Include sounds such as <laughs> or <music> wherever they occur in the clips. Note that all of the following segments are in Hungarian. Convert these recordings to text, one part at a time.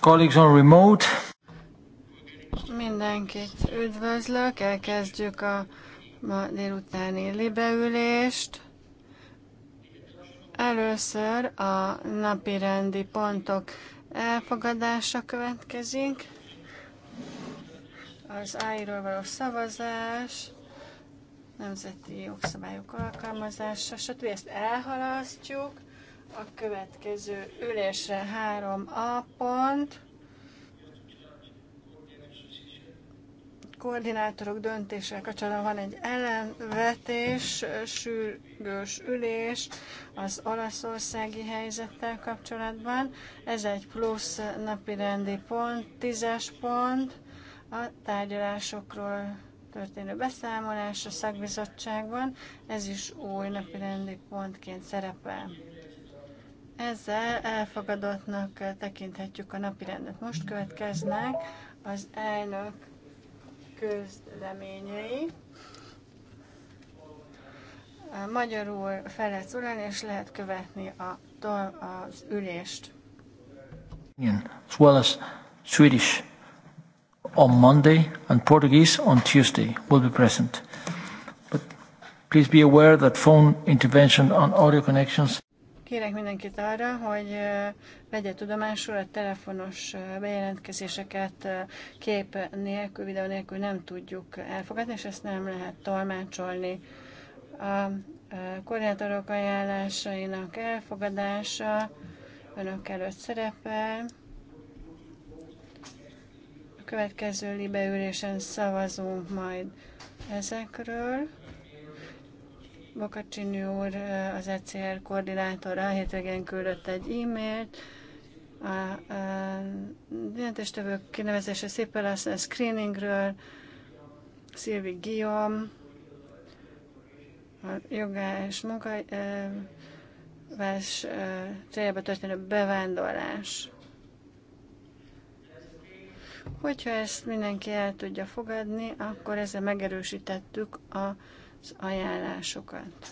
Colleagues on remote. Mindenkit üdvözlök, elkezdjük a ma délutáni libeülést. Először a napi rendi pontok elfogadása következik. Az AI-ról való szavazás, nemzeti jogszabályok alkalmazása, stb. ezt elhalasztjuk a következő ülésre 3A pont. Koordinátorok döntése kapcsolatban van egy ellenvetés, sürgős ülés az olaszországi helyzettel kapcsolatban. Ez egy plusz napi rendi pont, tízes pont a tárgyalásokról történő beszámolás a szakbizottságban, ez is új napi rendi pontként szerepel. Ezzel elfogadottnak tekinthetjük a napirendet. Most következnek az elnök közleményei. Magyarul fel lehet szólani, és lehet követni a, az ülést. Igen, As well as Swedish on Monday and Portuguese on Tuesday will be present. But please be aware that phone intervention on audio connections Kérek mindenkit arra, hogy vegye tudomásul a telefonos bejelentkezéseket kép nélkül, videó nélkül nem tudjuk elfogadni, és ezt nem lehet tolmácsolni. A koordinátorok ajánlásainak elfogadása önök előtt szerepel. A következő libeülésen szavazunk majd ezekről. Bakacsini úr, az ECR koordinátora hétvégén küldött egy e-mailt, a, a jelentéstevők kinevezése szépen lesz a screeningről, Szilvi Guillaume, a jogás és munkavás céljába történő bevándorlás. Hogyha ezt mindenki el tudja fogadni, akkor ezzel megerősítettük a az ajánlásokat.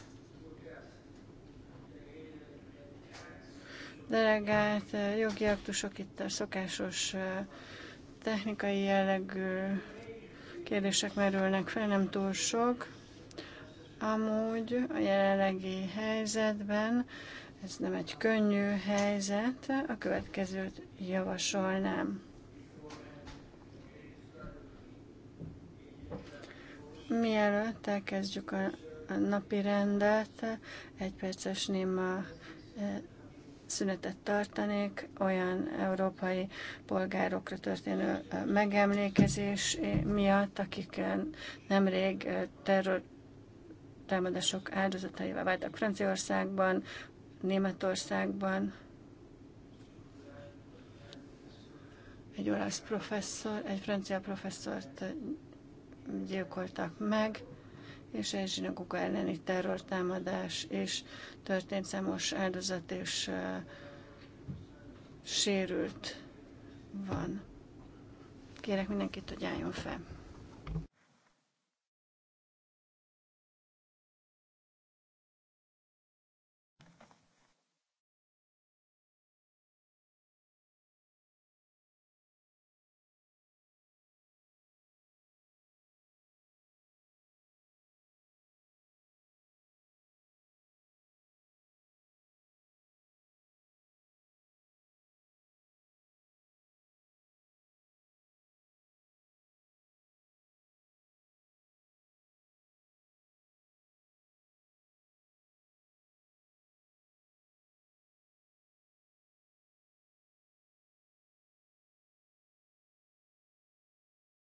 Delegált eh, jogi aktusok itt a szokásos eh, technikai jellegű kérdések merülnek fel, nem túl sok. Amúgy a jelenlegi helyzetben, ez nem egy könnyű helyzet, a következőt javasolnám. Mielőtt elkezdjük a napi rendet, egy perces néma e, szünetet tartanék, olyan európai polgárokra történő e, megemlékezés e, miatt, akik nemrég terror támadások áldozataival váltak Franciaországban, Németországban. Egy olasz professzor, egy francia professzort gyilkoltak meg, és egy zsinagoga elleni terrortámadás és történt számos áldozat és uh, sérült van. Kérek mindenkit, hogy álljon fel.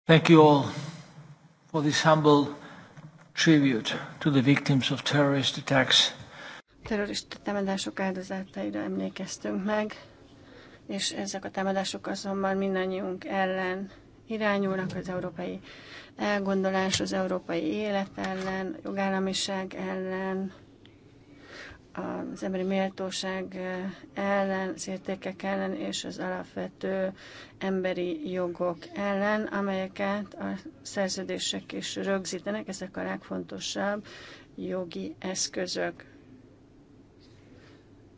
Thank you all for this humble tribute to the victims of terrorist attacks. Terrorista támadások áldozataira emlékeztünk meg, és ezek a támadások azonban mindannyiunk ellen irányulnak az európai elgondolás, az európai élet ellen, a jogállamiság ellen, az emberi méltóság ellen, az értékek ellen és az alapvető emberi jogok ellen, amelyeket a szerződések is rögzítenek, ezek a legfontosabb jogi eszközök,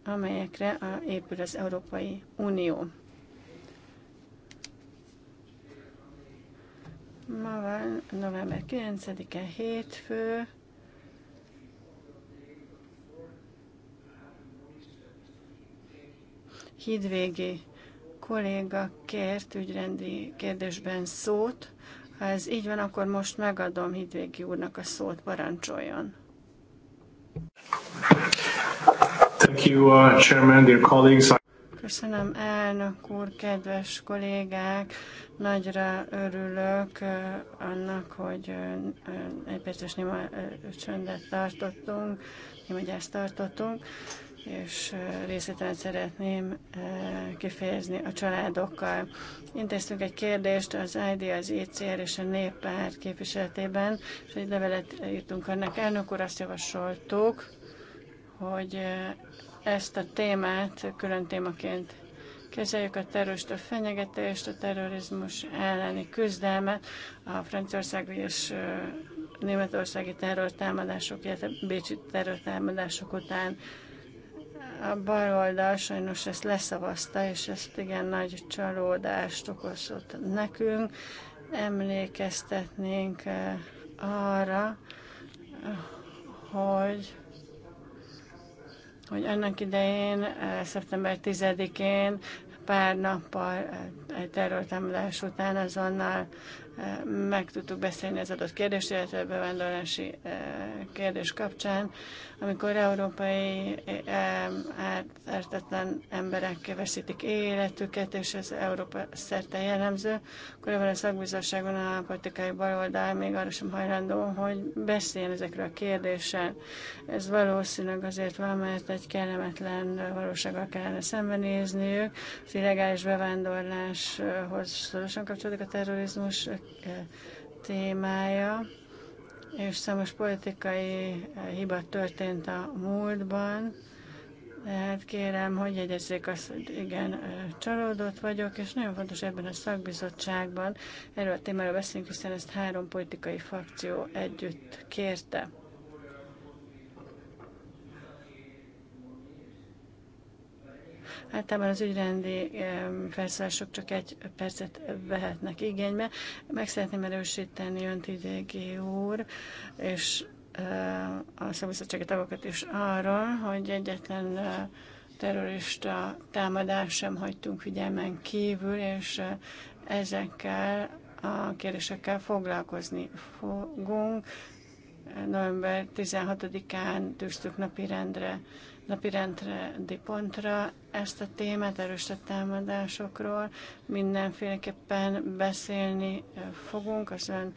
amelyekre épül az Európai Unió. Ma van november 9-e, hétfő, hídvégi kolléga kért ügyrendi kérdésben szót. Ha ez így van, akkor most megadom hídvégi úrnak a szót, parancsoljon. Thank you, uh, Chairman, dear colleagues. Köszönöm, elnök úr, kedves kollégák! Nagyra örülök uh, annak, hogy uh, uh, egy perces néma csöndet tartottunk, néma gyászt tartottunk és részletet szeretném kifejezni a családokkal. Intéztünk egy kérdést az ID, az ICR e és a Néppárt képviseletében, és egy levelet írtunk önnek. Elnök úr, azt javasoltuk, hogy ezt a témát külön témaként kezeljük a a fenyegetést, a terrorizmus elleni küzdelmet, a Franciaország és németországi terrortámadások, illetve bécsi terrortámadások után a baloldal sajnos ezt leszavazta, és ezt igen nagy csalódást okozott nekünk. Emlékeztetnénk eh, arra, hogy hogy annak idején, eh, szeptember 10-én, pár nappal eh, egy terrortámadás után azonnal meg tudtuk beszélni az adott kérdést, illetve bevándorlási kérdés kapcsán amikor európai eh, ártatlan emberek veszítik életüket, és ez Európa szerte jellemző, akkor ebben a szakbizottságon a politikai baloldal még arra sem hajlandó, hogy beszéljen ezekről a kérdéssel. Ez valószínűleg azért van, mert egy kellemetlen valósággal kellene szembenézniük. Az illegális bevándorláshoz szorosan kapcsolódik a terrorizmus eh, témája és számos politikai eh, hiba történt a múltban. Tehát kérem, hogy jegyezzék azt, hogy igen, eh, csalódott vagyok, és nagyon fontos ebben a szakbizottságban erről a témáról beszélünk, hiszen ezt három politikai frakció együtt kérte. Általában az ügyrendi felszállások csak egy percet vehetnek igénybe. Meg szeretném erősíteni önt, Idégi úr, és a szabadságtagokat tagokat is arról, hogy egyetlen terrorista támadás sem hagytunk figyelmen kívül, és ezekkel a kérdésekkel foglalkozni fogunk. November 16-án tűztük rendre napirendre, pontra ezt a témát, a támadásokról. Mindenféleképpen beszélni fogunk, az ön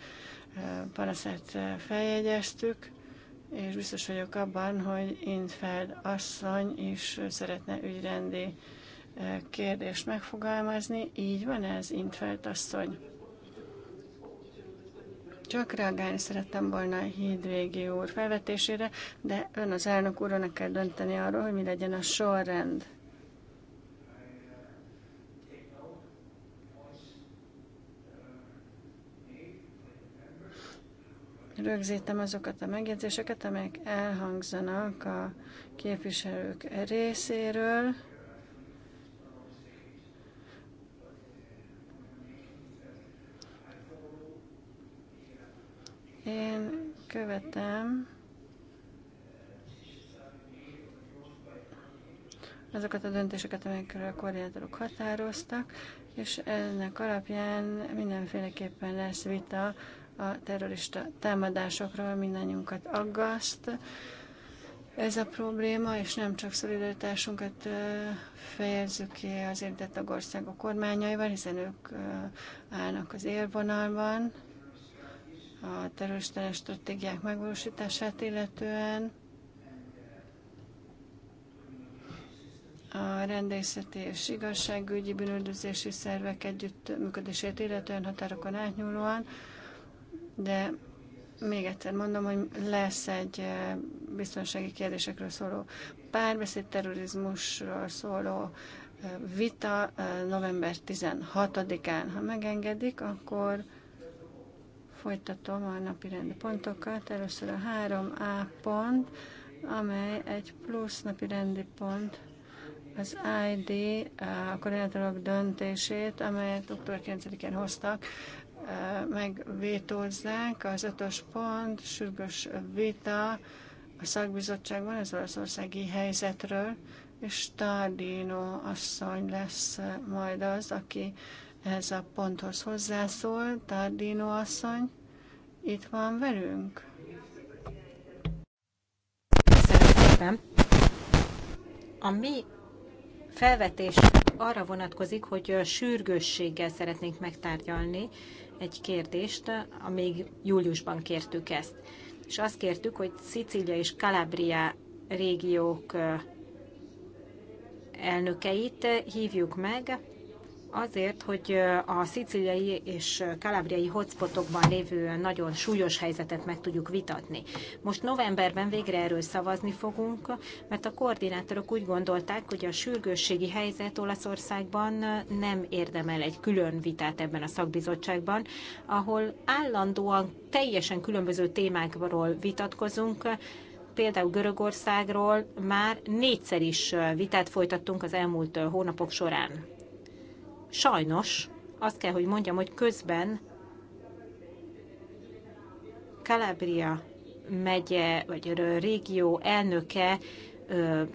panaszát feljegyeztük, és biztos vagyok abban, hogy Intfeld asszony is szeretne ügyrendi kérdést megfogalmazni. Így van ez, Intfeld asszony? Csak reagálni szerettem volna a hídvégi úr felvetésére, de ön az elnök úrnak kell dönteni arról, hogy mi legyen a sorrend. Rögzítem azokat a megjegyzéseket, amelyek elhangzanak a képviselők részéről. Én követem azokat a döntéseket, amelyekről a koordinátorok határoztak, és ennek alapján mindenféleképpen lesz vita a terrorista támadásokról, mindannyiunkat aggaszt. Ez a probléma, és nem csak szolidaritásunkat fejezzük ki az érintett tagországok kormányaival, hiszen ők állnak az élvonalban, a terroristelen stratégiák megvalósítását illetően, a rendészeti és igazságügyi bűnöldözési szervek együttműködését illetően határokon átnyúlóan, de még egyszer mondom, hogy lesz egy eh, biztonsági kérdésekről szóló párbeszéd, terrorizmusról szóló eh, vita eh, november 16-án. Ha megengedik, akkor Folytatom a napi rendi pontokat. Először a 3A pont, amely egy plusz napi rendi pont az ID, a koordinátorok döntését, amelyet október 9-én hoztak, megvétózzák. Az ötös pont, sürgős vita a szakbizottságban az olaszországi helyzetről, és Tardino asszony lesz majd az, aki ehhez a ponthoz hozzászól, Tardino asszony itt van velünk. Köszönöm szépen. A mi felvetés arra vonatkozik, hogy sürgősséggel szeretnénk megtárgyalni egy kérdést, amíg júliusban kértük ezt. És azt kértük, hogy Szicília és Calabria régiók elnökeit hívjuk meg, azért, hogy a szicíliai és kalábriai hotspotokban lévő nagyon súlyos helyzetet meg tudjuk vitatni. Most novemberben végre erről szavazni fogunk, mert a koordinátorok úgy gondolták, hogy a sürgősségi helyzet Olaszországban nem érdemel egy külön vitát ebben a szakbizottságban, ahol állandóan teljesen különböző témákról vitatkozunk, például Görögországról már négyszer is vitát folytattunk az elmúlt hónapok során sajnos azt kell, hogy mondjam, hogy közben Calabria megye, vagy a régió elnöke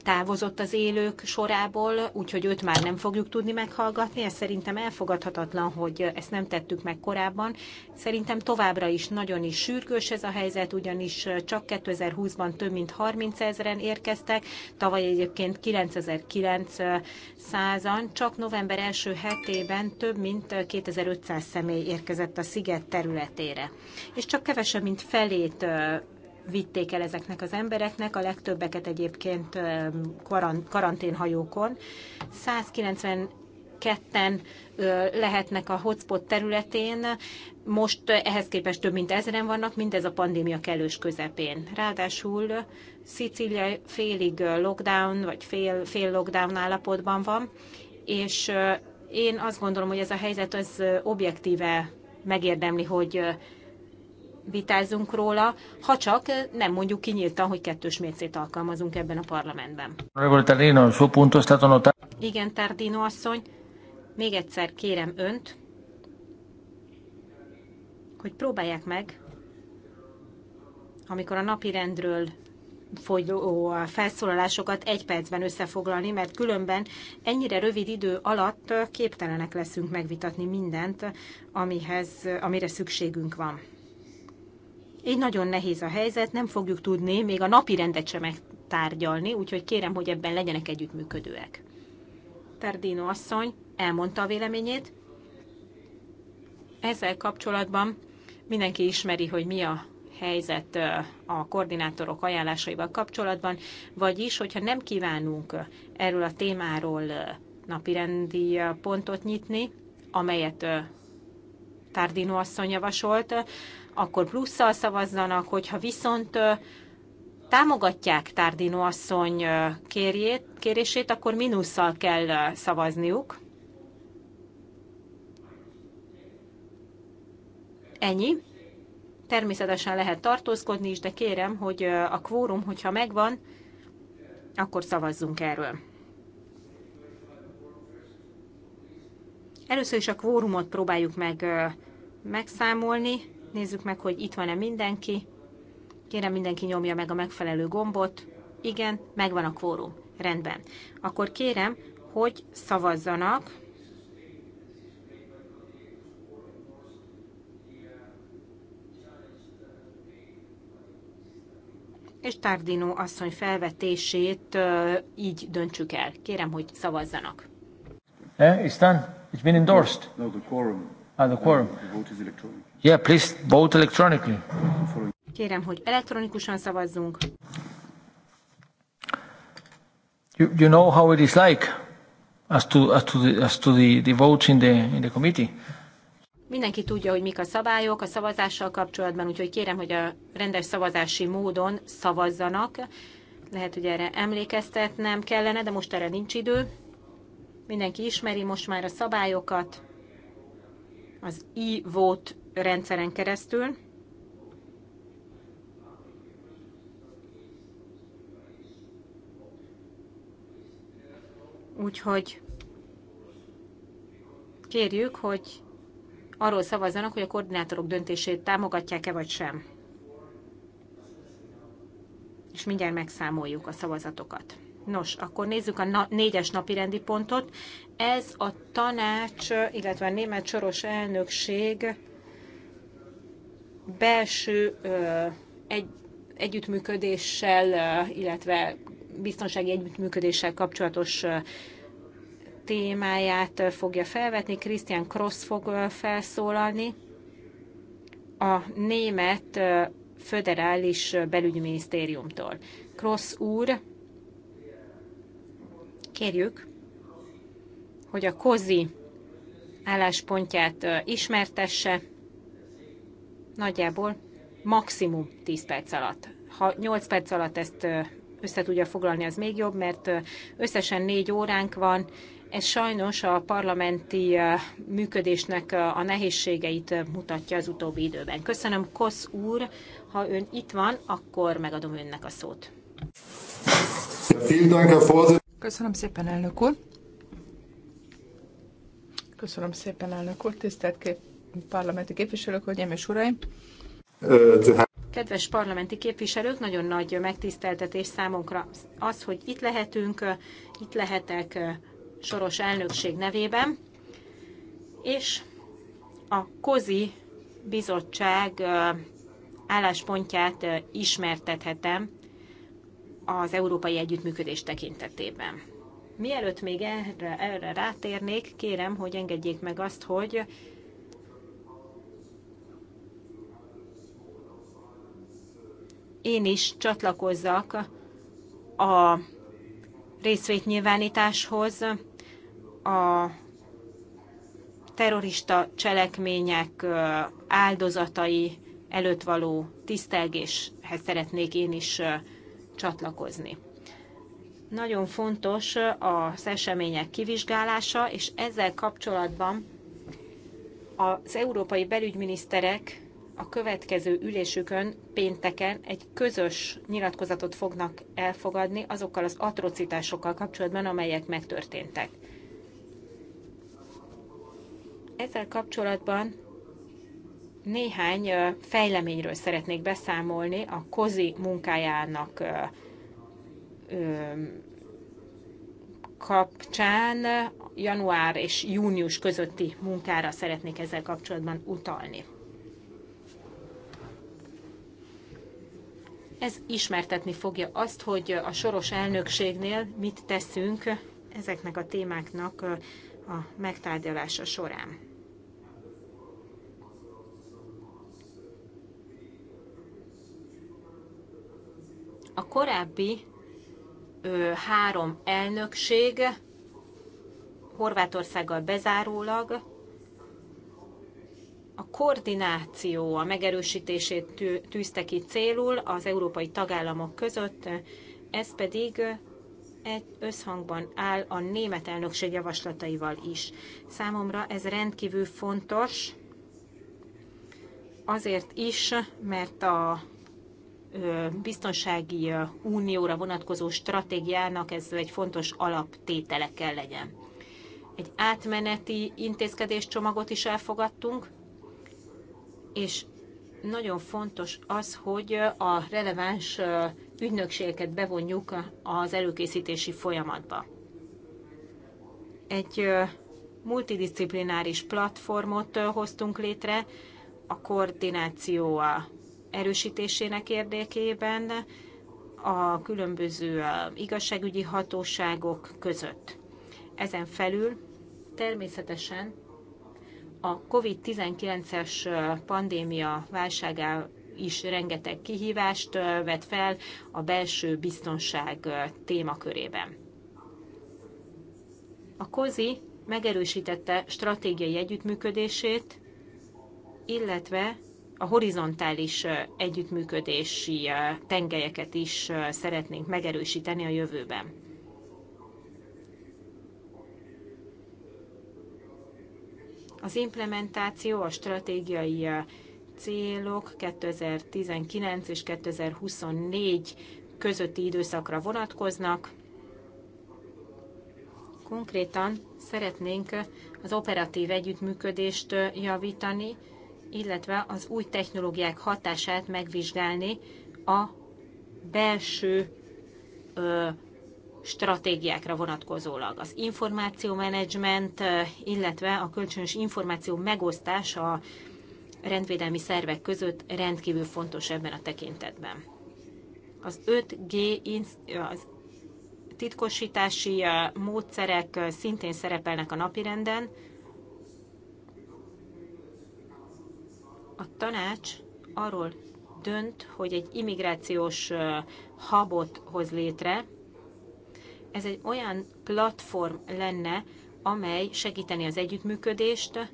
távozott az élők sorából, úgyhogy őt már nem fogjuk tudni meghallgatni. Ez szerintem elfogadhatatlan, hogy ezt nem tettük meg korábban. Szerintem továbbra is nagyon is sürgős ez a helyzet, ugyanis csak 2020-ban több mint 30 ezeren érkeztek, tavaly egyébként 9900-an, csak november első hetében több mint 2500 személy érkezett a sziget területére. És csak kevesebb, mint felét vitték el ezeknek az embereknek, a legtöbbeket egyébként karanténhajókon. 190 ketten lehetnek a hotspot területén, most ehhez képest több mint ezeren vannak, mindez a pandémia kellős közepén. Ráadásul Szicília félig lockdown, vagy fél, fél lockdown állapotban van, és én azt gondolom, hogy ez a helyzet az objektíve megérdemli, hogy vitázunk róla, ha csak nem mondjuk kinyíltan, hogy kettős mércét alkalmazunk ebben a parlamentben. Igen, Tardino asszony, még egyszer kérem önt, hogy próbálják meg, amikor a napi rendről folyó felszólalásokat egy percben összefoglalni, mert különben ennyire rövid idő alatt képtelenek leszünk megvitatni mindent, amihez, amire szükségünk van. Így nagyon nehéz a helyzet, nem fogjuk tudni még a napi rendet sem megtárgyalni, úgyhogy kérem, hogy ebben legyenek együttműködőek. Tardino asszony elmondta a véleményét. Ezzel kapcsolatban mindenki ismeri, hogy mi a helyzet a koordinátorok ajánlásaival kapcsolatban, vagyis, hogyha nem kívánunk erről a témáról napirendi pontot nyitni, amelyet Tardino asszony javasolt, akkor plusszal szavazzanak, hogyha viszont támogatják Tárdino asszony kérjét, kérését, akkor mínusszal kell szavazniuk. Ennyi. Természetesen lehet tartózkodni is, de kérem, hogy a kvórum, hogyha megvan, akkor szavazzunk erről. Először is a kvórumot próbáljuk meg megszámolni. Nézzük meg, hogy itt van-e mindenki. Kérem, mindenki nyomja meg a megfelelő gombot. Igen, megvan a kvórum. Rendben. Akkor kérem, hogy szavazzanak. És Tardino asszony felvetését így döntsük el. Kérem, hogy szavazzanak. Eh, it's done. It's been endorsed. No, the quorum. Ah, the quorum. The vote is electronic. Yeah, please vote electronically. Kérem, hogy elektronikusan szavazzunk. You, you know how it is like as to, as to, the, as to the, the votes in the, in the committee. Mindenki tudja, hogy mik a szabályok a szavazással kapcsolatban, úgyhogy kérem, hogy a rendes szavazási módon szavazzanak. Lehet, hogy erre emlékeztetnem kellene, de most erre nincs idő. Mindenki ismeri most már a szabályokat. Az e-vote rendszeren keresztül. Úgyhogy kérjük, hogy arról szavazzanak, hogy a koordinátorok döntését támogatják-e vagy sem. És mindjárt megszámoljuk a szavazatokat. Nos, akkor nézzük a négyes napi rendi pontot. Ez a tanács, illetve a német soros elnökség belső egy, együttműködéssel, illetve biztonsági együttműködéssel kapcsolatos témáját fogja felvetni. Christian Cross fog felszólalni. A német föderális belügyminisztériumtól. Cross úr, kérjük, hogy a kozi álláspontját ismertesse, nagyjából maximum 10 perc alatt. Ha 8 perc alatt ezt össze tudja foglalni, az még jobb, mert összesen 4 óránk van, ez sajnos a parlamenti működésnek a nehézségeit mutatja az utóbbi időben. Köszönöm, Kosz úr, ha ön itt van, akkor megadom önnek a szót. Köszönöm szépen, elnök úr. Köszönöm szépen, elnök úr, tisztelt kép parlamenti képviselők, hölgyeim és uraim! Kedves parlamenti képviselők, nagyon nagy megtiszteltetés számunkra az, hogy itt lehetünk, itt lehetek soros elnökség nevében, és a KOZI bizottság álláspontját ismertethetem az európai együttműködés tekintetében. Mielőtt még erre, erre rátérnék, kérem, hogy engedjék meg azt, hogy én is csatlakozzak a részvétnyilvánításhoz a terrorista cselekmények áldozatai előtt való tisztelgéshez szeretnék én is csatlakozni. Nagyon fontos az események kivizsgálása, és ezzel kapcsolatban az európai belügyminiszterek a következő ülésükön pénteken egy közös nyilatkozatot fognak elfogadni azokkal az atrocitásokkal kapcsolatban, amelyek megtörténtek. Ezzel kapcsolatban néhány fejleményről szeretnék beszámolni a kozi munkájának kapcsán január és június közötti munkára szeretnék ezzel kapcsolatban utalni. Ez ismertetni fogja azt, hogy a soros elnökségnél mit teszünk ezeknek a témáknak a megtárgyalása során. A korábbi ö, három elnökség Horvátországgal bezárólag a koordináció, a megerősítését tűzte ki célul az európai tagállamok között, ez pedig egy összhangban áll a német elnökség javaslataival is. Számomra ez rendkívül fontos, azért is, mert a biztonsági unióra vonatkozó stratégiának ez egy fontos alaptétele kell legyen. Egy átmeneti intézkedéscsomagot is elfogadtunk, és nagyon fontos az, hogy a releváns ügynökségeket bevonjuk az előkészítési folyamatba. Egy multidisciplináris platformot hoztunk létre a koordináció erősítésének érdekében a különböző igazságügyi hatóságok között. Ezen felül természetesen a COVID-19-es pandémia válságá is rengeteg kihívást vet fel a belső biztonság témakörében. A COZI megerősítette stratégiai együttműködését, illetve a horizontális együttműködési tengelyeket is szeretnénk megerősíteni a jövőben. Az implementáció a stratégiai uh, célok 2019 és 2024 közötti időszakra vonatkoznak. Konkrétan szeretnénk uh, az operatív együttműködést uh, javítani, illetve az új technológiák hatását megvizsgálni a belső stratégiákra vonatkozólag. Az információmenedzsment, illetve a kölcsönös információ megosztása a rendvédelmi szervek között rendkívül fontos ebben a tekintetben. Az 5G az titkosítási módszerek szintén szerepelnek a napirenden. A tanács arról dönt, hogy egy immigrációs habot hoz létre, ez egy olyan platform lenne, amely segíteni az együttműködést,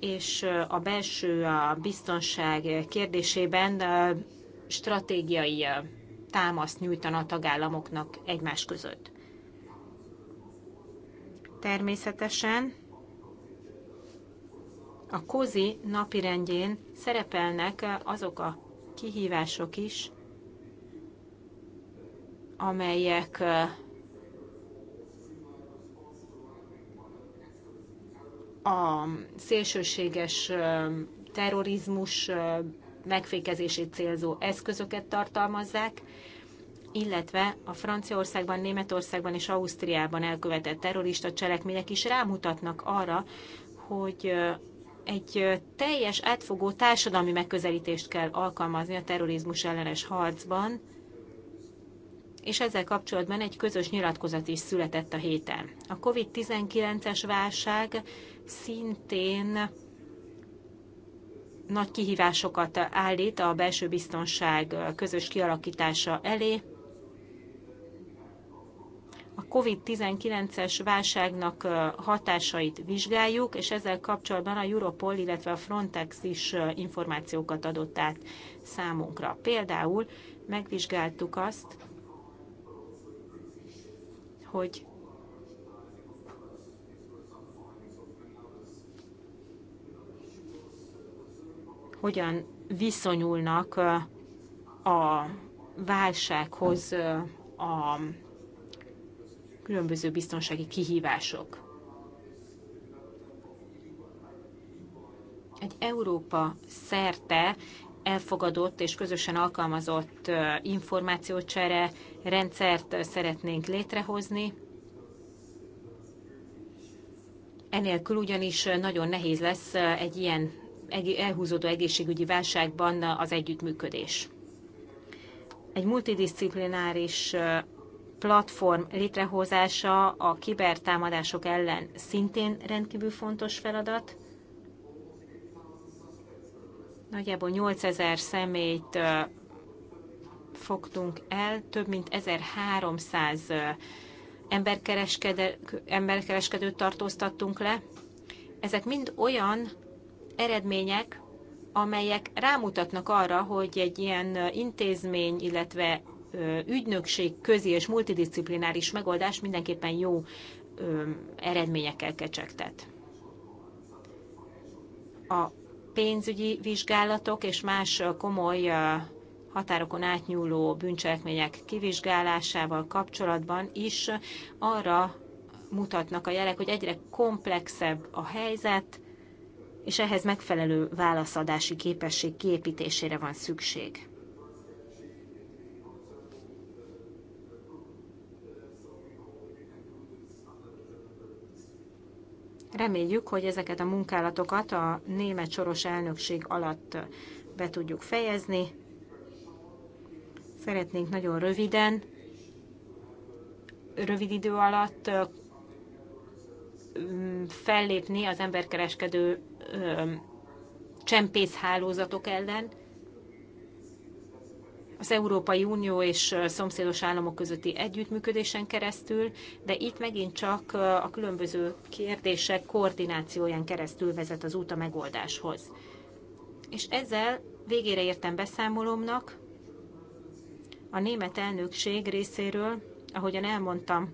és a belső a biztonság kérdésében stratégiai támaszt nyújtana a tagállamoknak egymás között. Természetesen a COZI napirendjén szerepelnek azok a kihívások is, amelyek a szélsőséges terrorizmus megfékezését célzó eszközöket tartalmazzák, illetve a Franciaországban, Németországban és Ausztriában elkövetett terrorista cselekmények is rámutatnak arra, hogy egy teljes átfogó társadalmi megközelítést kell alkalmazni a terrorizmus ellenes harcban, és ezzel kapcsolatban egy közös nyilatkozat is született a héten. A COVID-19-es válság szintén nagy kihívásokat állít a belső biztonság közös kialakítása elé. A COVID-19-es válságnak hatásait vizsgáljuk, és ezzel kapcsolatban a Europol, illetve a Frontex is információkat adott át számunkra. Például megvizsgáltuk azt, hogy hogyan viszonyulnak a válsághoz a különböző biztonsági kihívások. Egy Európa szerte elfogadott és közösen alkalmazott információcsere rendszert szeretnénk létrehozni. Enélkül ugyanis nagyon nehéz lesz egy ilyen elhúzódó egészségügyi válságban az együttműködés. Egy multidisciplináris platform létrehozása a kibertámadások ellen szintén rendkívül fontos feladat. Nagyjából 8000 személyt fogtunk el, több mint 1300 emberkereskedőt tartóztattunk le. Ezek mind olyan eredmények, amelyek rámutatnak arra, hogy egy ilyen intézmény, illetve ügynökség közi és multidisciplináris megoldás mindenképpen jó eredményekkel kecsegtet. A pénzügyi vizsgálatok és más komoly határokon átnyúló bűncselekmények kivizsgálásával kapcsolatban is arra mutatnak a jelek, hogy egyre komplexebb a helyzet, és ehhez megfelelő válaszadási képesség kiépítésére van szükség. Reméljük, hogy ezeket a munkálatokat a német soros elnökség alatt be tudjuk fejezni. Szeretnénk nagyon röviden, rövid idő alatt fellépni az emberkereskedő csempészhálózatok ellen, az Európai Unió és szomszédos államok közötti együttműködésen keresztül, de itt megint csak a különböző kérdések koordinációján keresztül vezet az út a megoldáshoz. És ezzel végére értem beszámolomnak a német elnökség részéről, ahogyan elmondtam,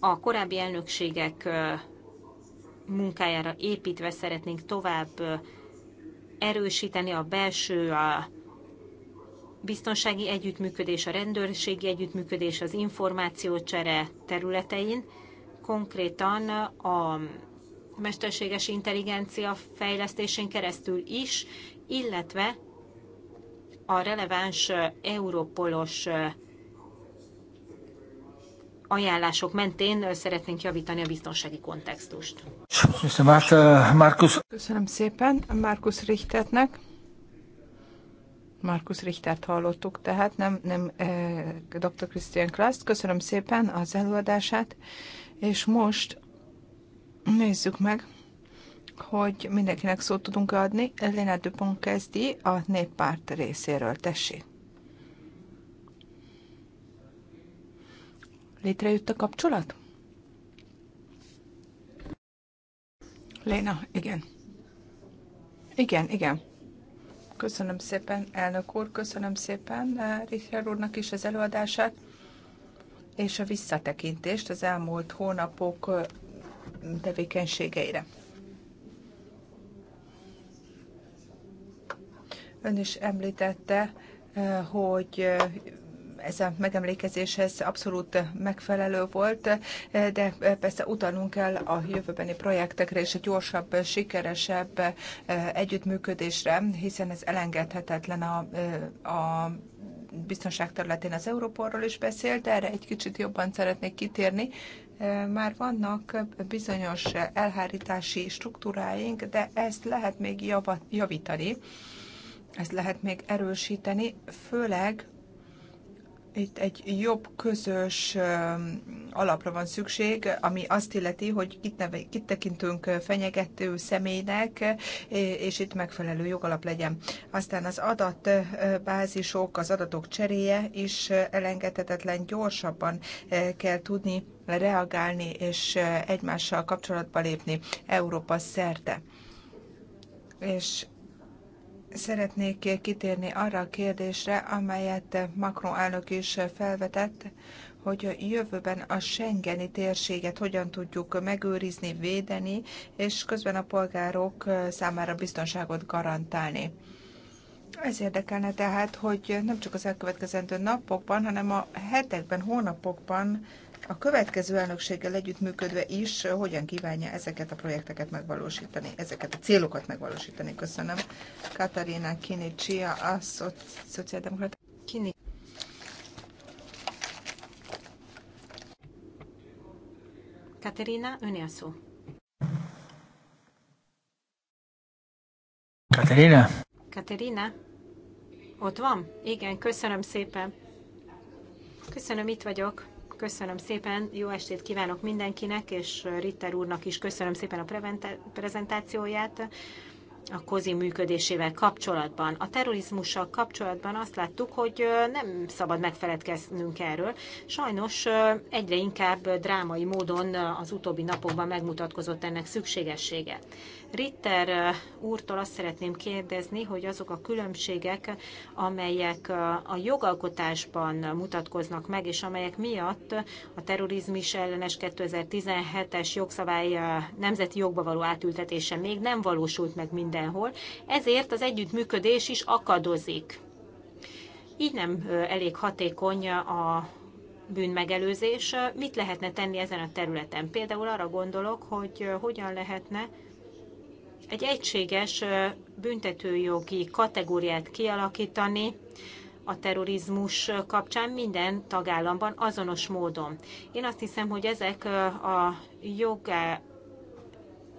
a korábbi elnökségek munkájára építve szeretnénk tovább erősíteni a belső a biztonsági együttműködés, a rendőrségi együttműködés, az információcsere területein, konkrétan a mesterséges intelligencia fejlesztésén keresztül is, illetve a releváns európolos ajánlások mentén szeretnénk javítani a biztonsági kontextust. Köszönöm hát, szépen Markus Richtertnek. Markus Richtert hallottuk, tehát nem, nem eh, dr. Christian Klaszt. Köszönöm szépen az előadását, és most nézzük meg, hogy mindenkinek szót tudunk adni. Elena Dupont kezdi a néppárt részéről. Tessék! Létrejött a kapcsolat? Léna, igen. Igen, igen. Köszönöm szépen, elnök úr, köszönöm szépen eh, Richard úrnak is az előadását, és a visszatekintést az elmúlt hónapok eh, tevékenységeire. Ön is említette, eh, hogy ez a megemlékezéshez abszolút megfelelő volt, de persze utalnunk kell a jövőbeni projektekre és a gyorsabb, sikeresebb eh, együttműködésre, hiszen ez elengedhetetlen a, eh, a biztonság területén az Európorról is beszélt, de erre egy kicsit jobban szeretnék kitérni. Eh, már vannak bizonyos elhárítási struktúráink, de ezt lehet még javítani, ezt lehet még erősíteni, főleg itt egy jobb közös alapra van szükség, ami azt illeti, hogy itt, neve, itt tekintünk fenyegető személynek, és itt megfelelő jogalap legyen. Aztán az adatbázisok, az adatok cseréje is elengedhetetlen, gyorsabban kell tudni reagálni és egymással kapcsolatba lépni Európa szerte. És Szeretnék kitérni arra a kérdésre, amelyet Macron elnök is felvetett, hogy a jövőben a Schengeni térséget hogyan tudjuk megőrizni, védeni, és közben a polgárok számára biztonságot garantálni. Ez érdekelne tehát, hogy nem csak az elkövetkezendő napokban, hanem a hetekben, hónapokban a következő elnökséggel együttműködve is eh, hogyan kívánja ezeket a projekteket megvalósítani, ezeket a célokat megvalósítani. Köszönöm. Katarina Kinicsia, a szociáldemokrata. Kini. Katerina, öné a szó. Katerina? Katerina? Ott van? Igen, köszönöm szépen. Köszönöm, itt vagyok. Köszönöm szépen, jó estét kívánok mindenkinek, és Ritter úrnak is köszönöm szépen a prezentációját a kozi működésével kapcsolatban. A terrorizmussal kapcsolatban azt láttuk, hogy nem szabad megfeledkeznünk erről. Sajnos egyre inkább drámai módon az utóbbi napokban megmutatkozott ennek szükségessége. Ritter eh, úrtól azt szeretném kérdezni, hogy azok a különbségek, amelyek eh, a jogalkotásban mutatkoznak meg, és amelyek miatt a terrorizmus ellenes 2017-es jogszabály eh, nemzeti jogba való átültetése még nem valósult meg mindenhol, ezért az együttműködés is akadozik. Így nem elég hatékony a bűnmegelőzés. Mit lehetne tenni ezen a területen? Például arra gondolok, hogy hogyan lehetne egy egységes büntetőjogi kategóriát kialakítani a terrorizmus kapcsán minden tagállamban azonos módon. Én azt hiszem, hogy ezek a jogá,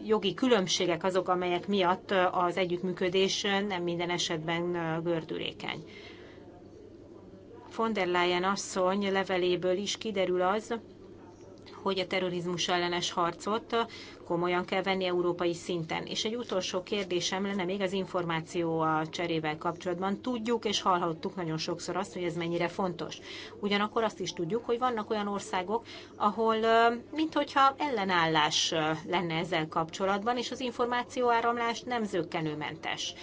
jogi különbségek azok, amelyek miatt az együttműködés nem minden esetben gördülékeny. Von der Leyen asszony leveléből is kiderül az, hogy a terrorizmus ellenes harcot komolyan kell venni európai szinten. És egy utolsó kérdésem lenne még az információ a cserével kapcsolatban. Tudjuk és hallhattuk nagyon sokszor azt, hogy ez mennyire fontos. Ugyanakkor azt is tudjuk, hogy vannak olyan országok, ahol minthogyha ellenállás lenne ezzel kapcsolatban, és az információ áramlás nem zöggenőmentes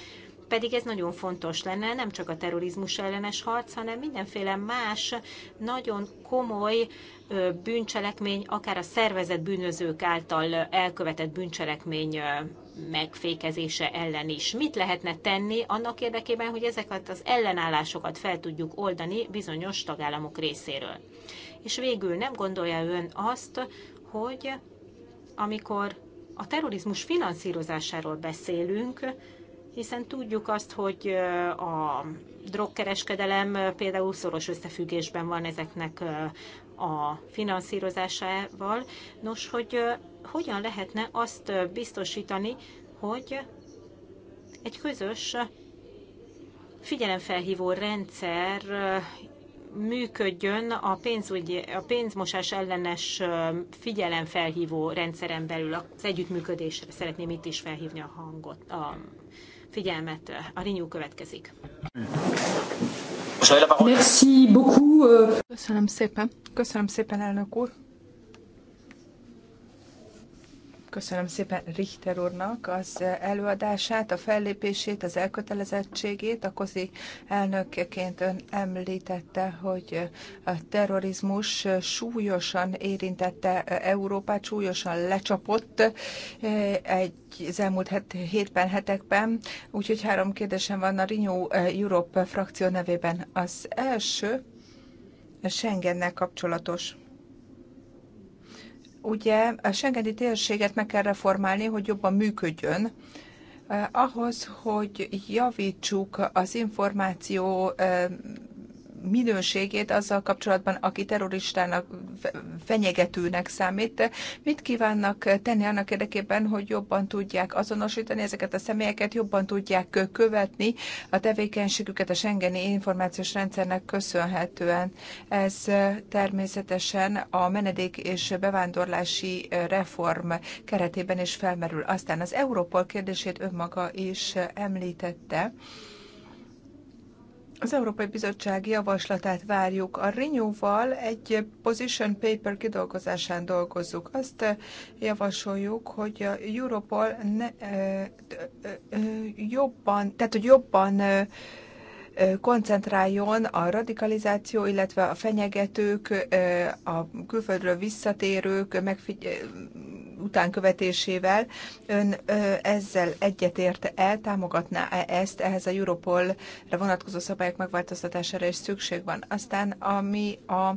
pedig ez nagyon fontos lenne, nem csak a terrorizmus ellenes harc, hanem mindenféle más nagyon komoly bűncselekmény, akár a szervezett bűnözők által elkövetett bűncselekmény megfékezése ellen is. Mit lehetne tenni annak érdekében, hogy ezeket az ellenállásokat fel tudjuk oldani bizonyos tagállamok részéről? És végül nem gondolja ön azt, hogy amikor a terrorizmus finanszírozásáról beszélünk, hiszen tudjuk azt, hogy a drogkereskedelem például szoros összefüggésben van ezeknek a finanszírozásával. Nos, hogy hogyan lehetne azt biztosítani, hogy egy közös figyelemfelhívó rendszer működjön a, pénzügy, a pénzmosás ellenes figyelemfelhívó rendszeren belül. Az együttműködésre szeretném itt is felhívni a hangot, a figyelmet. A rinyú következik. Merci beaucoup. Euh. Köszönöm szépen. Köszönöm szépen, elnök úr. Köszönöm szépen Richter úrnak az előadását, a fellépését, az elkötelezettségét. A kozi elnökként ön említette, hogy a terrorizmus súlyosan érintette Európát, súlyosan lecsapott eh, egy az elmúlt het, hétben, hetekben. Úgyhogy három kérdésem van a Renew Europe frakció nevében. Az első Schengennel kapcsolatos Ugye a Schengeni térséget meg kell reformálni, hogy jobban működjön, eh, ahhoz, hogy javítsuk az információ eh, minőségét azzal kapcsolatban, aki terroristának, fenyegetőnek számít. Mit kívánnak tenni annak érdekében, hogy jobban tudják azonosítani ezeket a személyeket, jobban tudják követni a tevékenységüket a Schengeni információs rendszernek köszönhetően. Ez természetesen a menedék és bevándorlási reform keretében is felmerül. Aztán az Európol kérdését önmaga is említette. Az Európai Bizottság javaslatát várjuk. A Renew-val egy position paper kidolgozásán dolgozzuk. Azt eh, javasoljuk, hogy a Europol ne, eh, eh, jobban, tehát hogy jobban koncentráljon a radikalizáció, illetve a fenyegetők, a külföldről visszatérők megfigy- utánkövetésével. Ön ezzel egyetérte el, támogatná -e ezt, ehhez a Europolra vonatkozó szabályok megváltoztatására is szükség van. Aztán ami a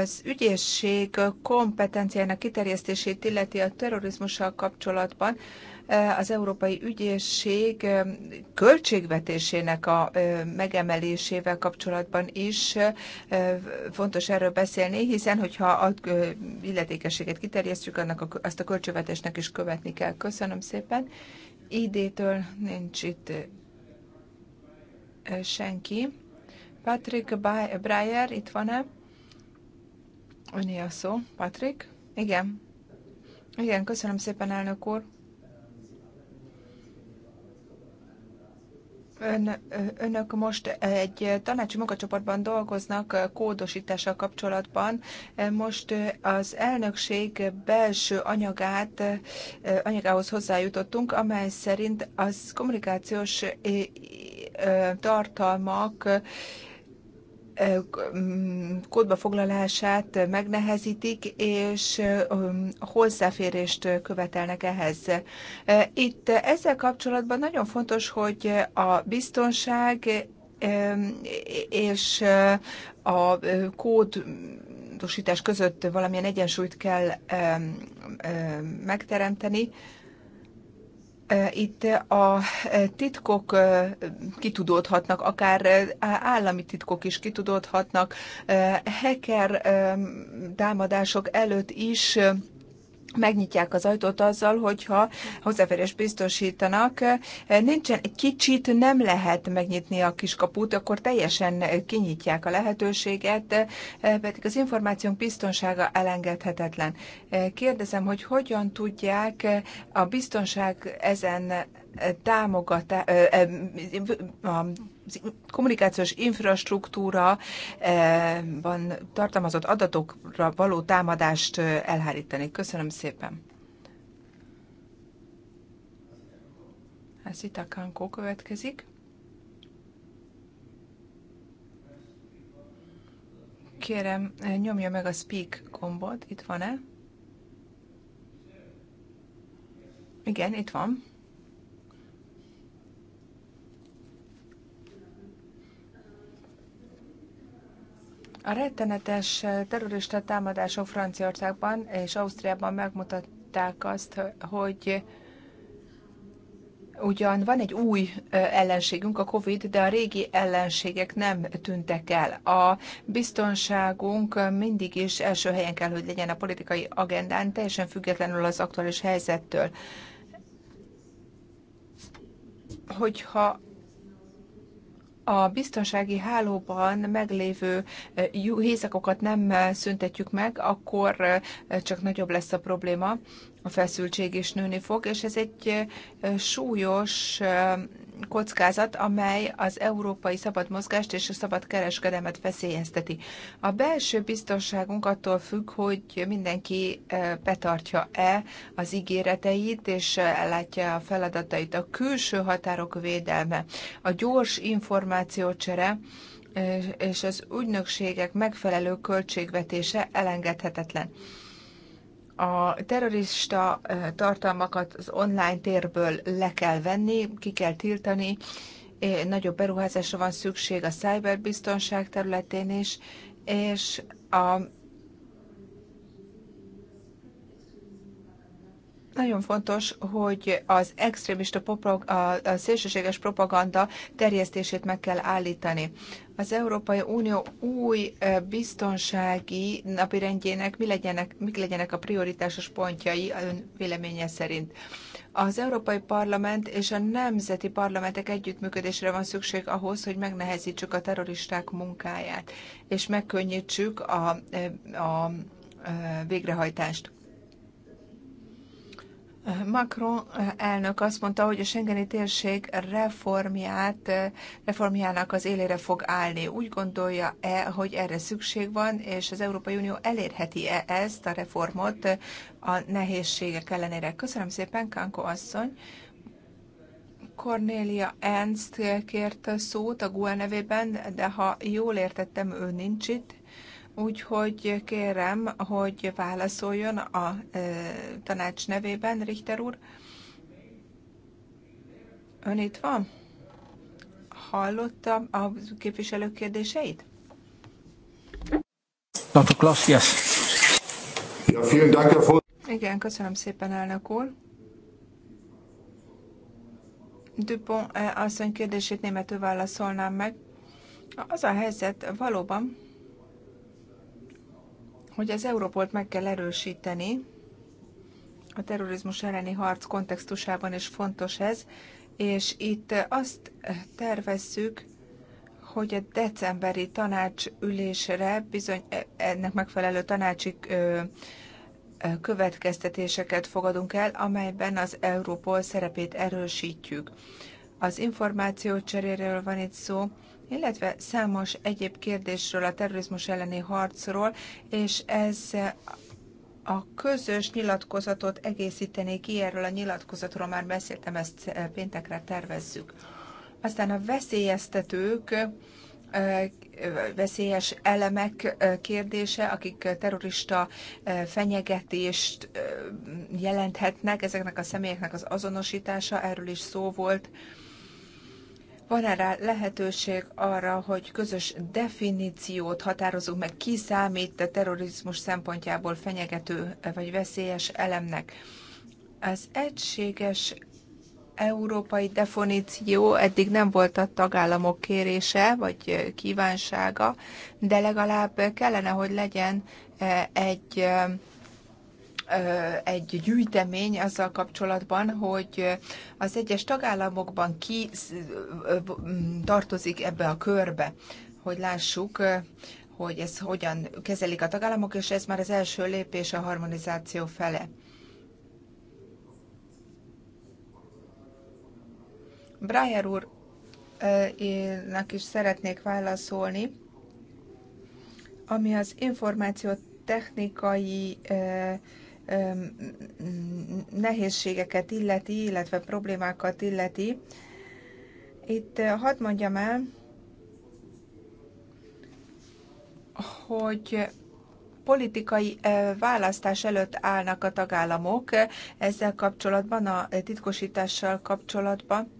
az ügyészség kompetenciának kiterjesztését illeti a terrorizmussal kapcsolatban, az Európai Ügyészség költségvetésének a megemelésével kapcsolatban is fontos erről beszélni, hiszen hogyha a illetékességet kiterjesztjük, annak a, azt a költségvetésnek is követni kell. Köszönöm szépen. Idétől nincs itt senki. Patrick Breyer itt van-e? Öné a szó, Patrick. Igen. Igen, köszönöm szépen, elnök úr. Ön, önök most egy tanácsi munkacsoportban dolgoznak eh, kódosítással kapcsolatban. Eh, most eh, az elnökség belső anyagát, anyagához hozzájutottunk, amely szerint az kommunikációs tartalmak Mm, kódba foglalását megnehezítik, és hozzáférést követelnek ehhez. Itt ezzel kapcsolatban nagyon fontos, hogy a biztonság és a kód között valamilyen egyensúlyt kell megteremteni. Itt a titkok kitudódhatnak, akár állami titkok is kitudódhatnak, hacker támadások előtt is megnyitják az ajtót azzal, hogyha hozzáférés biztosítanak. Nincsen, egy kicsit nem lehet megnyitni a kiskaput, akkor teljesen kinyitják a lehetőséget, pedig az információk biztonsága elengedhetetlen. Kérdezem, hogy hogyan tudják a biztonság ezen támogatás, a kommunikációs infrastruktúra van tartalmazott adatokra való támadást elhárítani. Köszönöm szépen. Ez itt a Kankó következik. Kérem, nyomja meg a speak gombot. Itt van-e? Igen, itt van. A rettenetes terrorista támadások Franciaországban és Ausztriában megmutatták azt, hogy ugyan van egy új ellenségünk, a COVID, de a régi ellenségek nem tűntek el. A biztonságunk mindig is első helyen kell, hogy legyen a politikai agendán, teljesen függetlenül az aktuális helyzettől. Hogyha a biztonsági hálóban meglévő eh, hézakokat nem eh, szüntetjük meg, akkor eh, csak nagyobb lesz a probléma, a feszültség is nőni fog, és ez egy súlyos kockázat, amely az európai szabad mozgást és a szabad kereskedelmet veszélyezteti. A belső biztonságunk attól függ, hogy mindenki eh, betartja-e az ígéreteit és ellátja a feladatait. A külső határok védelme, a gyors információcsere, eh, és az ügynökségek megfelelő költségvetése elengedhetetlen a terrorista tartalmakat az online térből le kell venni, ki kell tiltani, nagyobb beruházásra van szükség a cyberbiztonság területén is, és a Nagyon fontos, hogy az extrémista, a szélsőséges propaganda terjesztését meg kell állítani. Az Európai Unió új biztonsági napirendjének mi legyenek, mik legyenek a prioritásos pontjai ön véleménye szerint? Az Európai Parlament és a nemzeti parlamentek együttműködésre van szükség ahhoz, hogy megnehezítsük a terroristák munkáját, és megkönnyítsük a, a végrehajtást. Macron eh, elnök azt mondta, hogy a Schengeni térség reformját, eh, reformjának az élére fog állni. Úgy gondolja-e, hogy erre szükség van, és az Európai Unió elérheti-e ezt a reformot eh, a nehézségek ellenére? Köszönöm szépen, Kanko asszony. Cornélia Ernst kért szót a GUE nevében, de ha jól értettem, ő nincs itt. Úgyhogy kérem, hogy válaszoljon a tanács nevében, Richter úr. Ön itt van? Hallotta a képviselők kérdéseit? Dr. Ja, vielen Dank, Igen, köszönöm szépen, elnök úr. Dupont asszony kérdését németül válaszolnám meg. Az a helyzet valóban, hogy az Európolt meg kell erősíteni, a terrorizmus elleni harc kontextusában is fontos ez, és itt azt tervezzük, hogy a decemberi tanácsülésre bizony e- ennek megfelelő tanácsi következtetéseket fogadunk el, amelyben az Európol szerepét erősítjük. Az információ cseréről van itt szó, illetve számos egyéb kérdésről, a terrorizmus elleni harcról, és ez a közös nyilatkozatot egészíteni ki, erről a nyilatkozatról már beszéltem, ezt péntekre tervezzük. Aztán a veszélyeztetők, veszélyes elemek kérdése, akik terrorista fenyegetést jelenthetnek, ezeknek a személyeknek az azonosítása, erről is szó volt van-e rá lehetőség arra, hogy közös definíciót határozunk meg, ki számít a terrorizmus szempontjából fenyegető eh, vagy veszélyes elemnek? Az egységes európai definíció eddig nem volt a tagállamok kérése vagy eh, kívánsága, de legalább kellene, hogy legyen eh, egy egy gyűjtemény azzal kapcsolatban, hogy az egyes tagállamokban ki tartozik ebbe a körbe, hogy lássuk, hogy ez hogyan kezelik a tagállamok, és ez már az első lépés a harmonizáció fele. Breyer úr, énnek is szeretnék válaszolni, ami az információ technikai eh, nehézségeket illeti, illetve problémákat illeti. Itt hadd mondjam el, hogy politikai választás előtt állnak a tagállamok ezzel kapcsolatban, a titkosítással kapcsolatban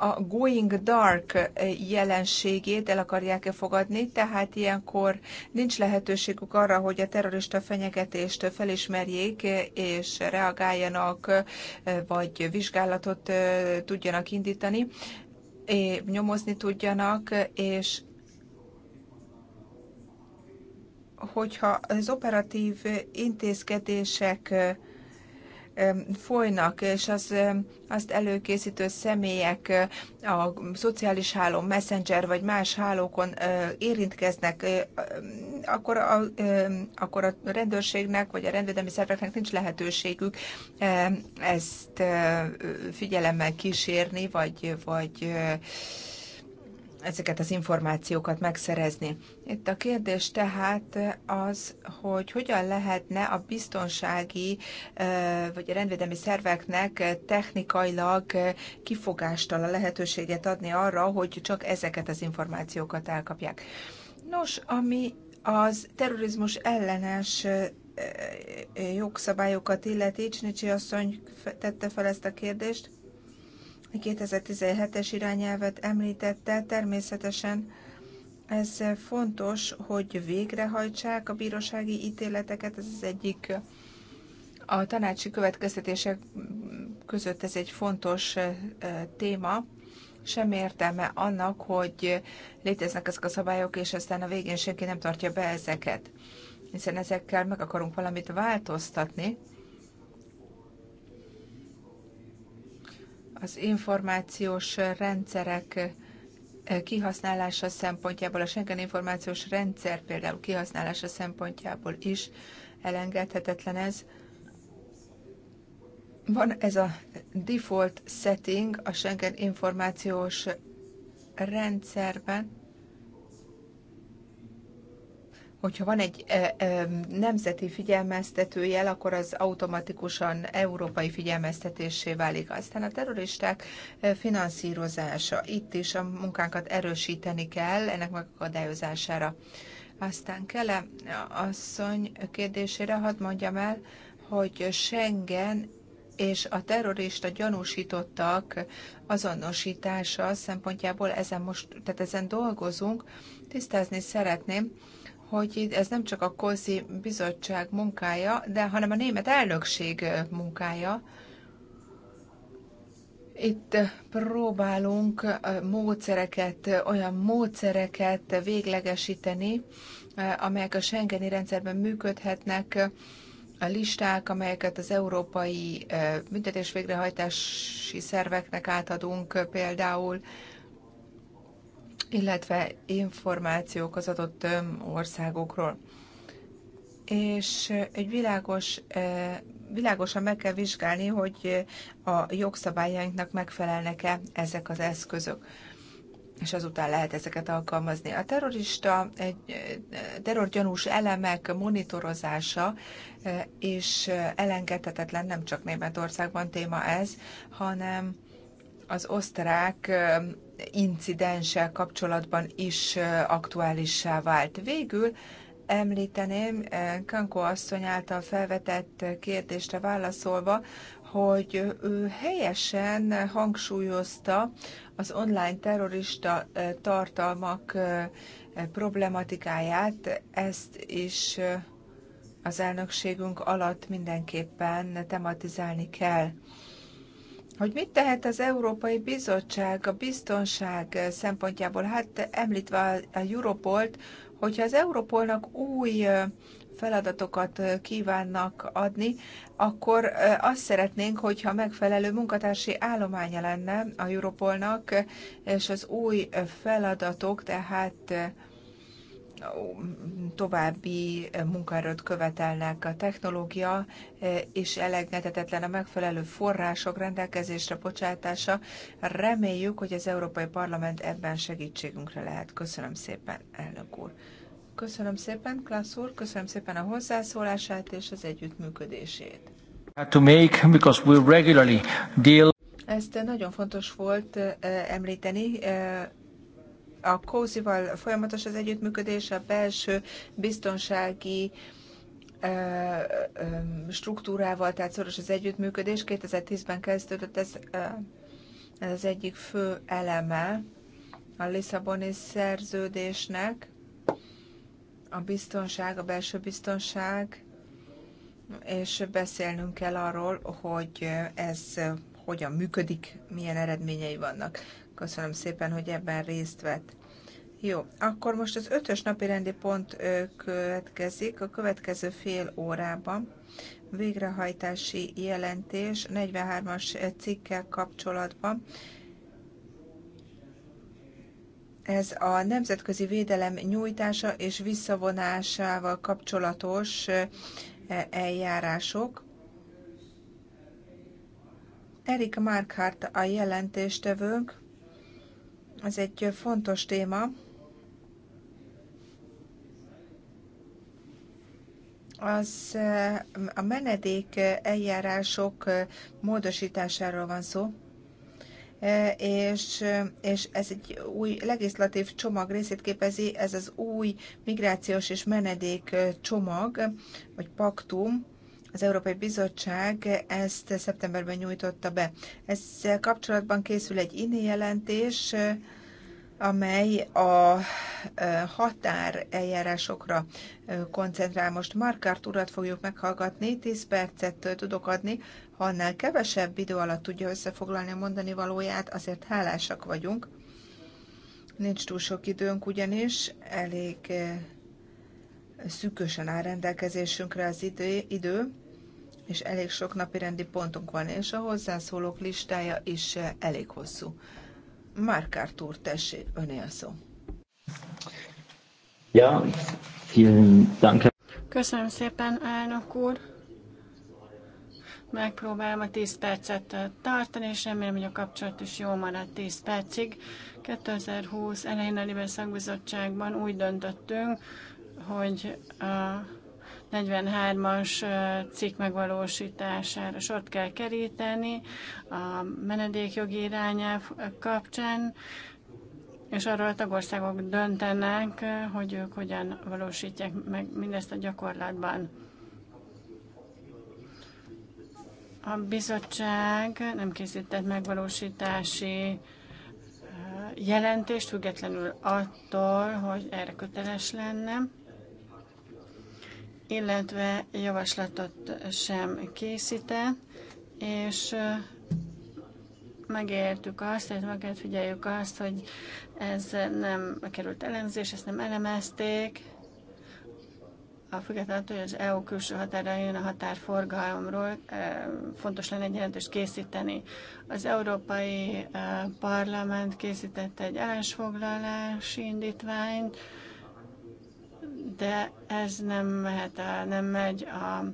a going dark eh, jelenségét el akarják-e fogadni, tehát ilyenkor nincs lehetőségük arra, hogy a terrorista fenyegetést felismerjék eh, és reagáljanak, eh, vagy vizsgálatot tudjanak indítani, nyomozni tudjanak, és hogyha az operatív intézkedések folynak, és az, azt előkészítő személyek a szociális háló, messenger vagy más hálókon érintkeznek, akkor a, akkor a rendőrségnek vagy a rendvédelmi szerveknek nincs lehetőségük ezt figyelemmel kísérni, vagy, vagy ezeket az információkat megszerezni. Itt a kérdés tehát az, hogy hogyan lehetne a biztonsági vagy a rendvédelmi szerveknek technikailag kifogástal a lehetőséget adni arra, hogy csak ezeket az információkat elkapják. Nos, ami az terrorizmus ellenes jogszabályokat illeti, Csnicsi asszony tette fel ezt a kérdést, a 2017-es irányelvet említette, természetesen ez fontos, hogy végrehajtsák a bírósági ítéleteket, ez az egyik a tanácsi következtetések között ez egy fontos téma. Sem értelme annak, hogy léteznek ezek a szabályok, és aztán a végén senki nem tartja be ezeket, hiszen ezekkel meg akarunk valamit változtatni. az információs rendszerek eh, kihasználása szempontjából, a Schengen információs rendszer például kihasználása szempontjából is elengedhetetlen ez. Van ez a default setting a Schengen információs rendszerben, hogyha van egy e, e, nemzeti figyelmeztetőjel, akkor az automatikusan európai figyelmeztetésé válik. Aztán a terroristák e, finanszírozása. Itt is a munkánkat erősíteni kell ennek megakadályozására. Aztán Kele asszony kérdésére hadd mondjam el, hogy Schengen és a terrorista gyanúsítottak azonosítása szempontjából ezen most, tehát ezen dolgozunk, tisztázni szeretném, hogy ez nem csak a Kozi bizottság munkája, de hanem a német elnökség munkája. Itt próbálunk módszereket, olyan módszereket véglegesíteni, amelyek a Schengeni rendszerben működhetnek, a listák, amelyeket az európai büntetés végrehajtási szerveknek átadunk például, illetve információk az adott országokról. És egy világos, világosan meg kell vizsgálni, hogy a jogszabályainknak megfelelnek-e ezek az eszközök és azután lehet ezeket alkalmazni. A terrorista, egy terrorgyanús elemek monitorozása és elengedhetetlen, nem csak Németországban téma ez, hanem az osztrák incidenssel kapcsolatban is aktuálissá vált. Végül említeném Kanko asszony által felvetett kérdésre válaszolva, hogy ő helyesen hangsúlyozta az online terrorista tartalmak problematikáját, ezt is az elnökségünk alatt mindenképpen tematizálni kell. Hogy mit tehet az Európai Bizottság a biztonság szempontjából? Hát említve a Europolt, hogyha az Europolnak új feladatokat kívánnak adni, akkor azt szeretnénk, hogyha megfelelő munkatársi állománya lenne a Europolnak, és az új feladatok, tehát további eh, munkaerőt követelnek. A technológia eh, és elengedhetetlen a megfelelő források rendelkezésre bocsátása. Reméljük, hogy az Európai Parlament ebben segítségünkre lehet. Köszönöm szépen, elnök úr. Köszönöm szépen, Klasz úr, köszönöm szépen a hozzászólását és az együttműködését. To make, because we regularly deal... Ezt nagyon fontos volt eh, említeni, a COSI-val folyamatos az együttműködés, a belső biztonsági struktúrával, tehát szoros az együttműködés. 2010-ben kezdődött ez, ez az egyik fő eleme a Lisszaboni szerződésnek, a biztonság, a belső biztonság, és beszélnünk kell arról, hogy ez hogyan működik, milyen eredményei vannak. Köszönöm szépen, hogy ebben részt vett. Jó, akkor most az ötös napi rendi pont következik a következő fél órában. Végrehajtási jelentés 43-as cikkel kapcsolatban. Ez a nemzetközi védelem nyújtása és visszavonásával kapcsolatos e, eljárások. Erik Markhart a jelentéstevőnk ez egy fontos téma. Az a menedék eljárások módosításáról van szó és, és ez egy új legislatív csomag részét képezi, ez az új migrációs és menedék csomag, vagy paktum, az Európai Bizottság ezt szeptemberben nyújtotta be. Ezzel kapcsolatban készül egy inni jelentés, amely a határ eljárásokra koncentrál. Most Markárt urat fogjuk meghallgatni, 10 percet tudok adni. Ha annál kevesebb idő alatt tudja összefoglalni a mondani valóját, azért hálásak vagyunk. Nincs túl sok időnk ugyanis, elég szűkösen áll rendelkezésünkre az idő, idő és elég sok napirendi pontunk van, és a hozzászólók listája is eh, elég hosszú. Márk úr, tessék, öné a szó. Ja, vielen Dank. Köszönöm szépen, elnök úr. Megpróbálom a 10 percet eh, tartani, és remélem, hogy a kapcsolat is jól marad 10 percig. 2020 elején a Libeszakbizottságban úgy döntöttünk, hogy a eh, 43-as cikk megvalósítására sort kell keríteni a menedékjogi irányelv kapcsán, és arról a tagországok döntenek, hogy ők hogyan valósítják meg mindezt a gyakorlatban. A bizottság nem készített megvalósítási jelentést, függetlenül attól, hogy erre köteles lenne illetve javaslatot sem készített, és megértük azt, meg magát figyeljük azt, hogy ez nem került elemzés, ezt nem elemezték, a függetlenül, hogy az EU külső határa jön a határforgalomról fontos lenne egy jelentést készíteni. Az Európai Parlament készítette egy állásfoglalási indítványt, de ez nem, mehet a, nem megy a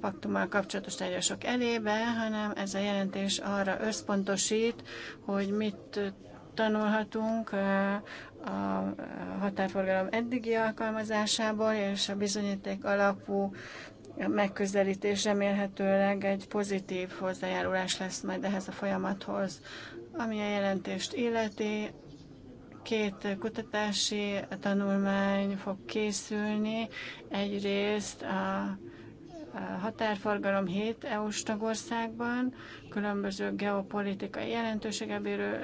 paktummal kapcsolatos tárgyalások elébe, hanem ez a jelentés arra összpontosít, hogy mit tanulhatunk a határforgalom eddigi alkalmazásából, és a bizonyíték alapú megközelítés remélhetőleg egy pozitív hozzájárulás lesz majd ehhez a folyamathoz. Ami a jelentést illeti, Két kutatási tanulmány fog készülni. Egyrészt a határforgalom 7 EU-s tagországban, különböző geopolitikai jelentősége bírő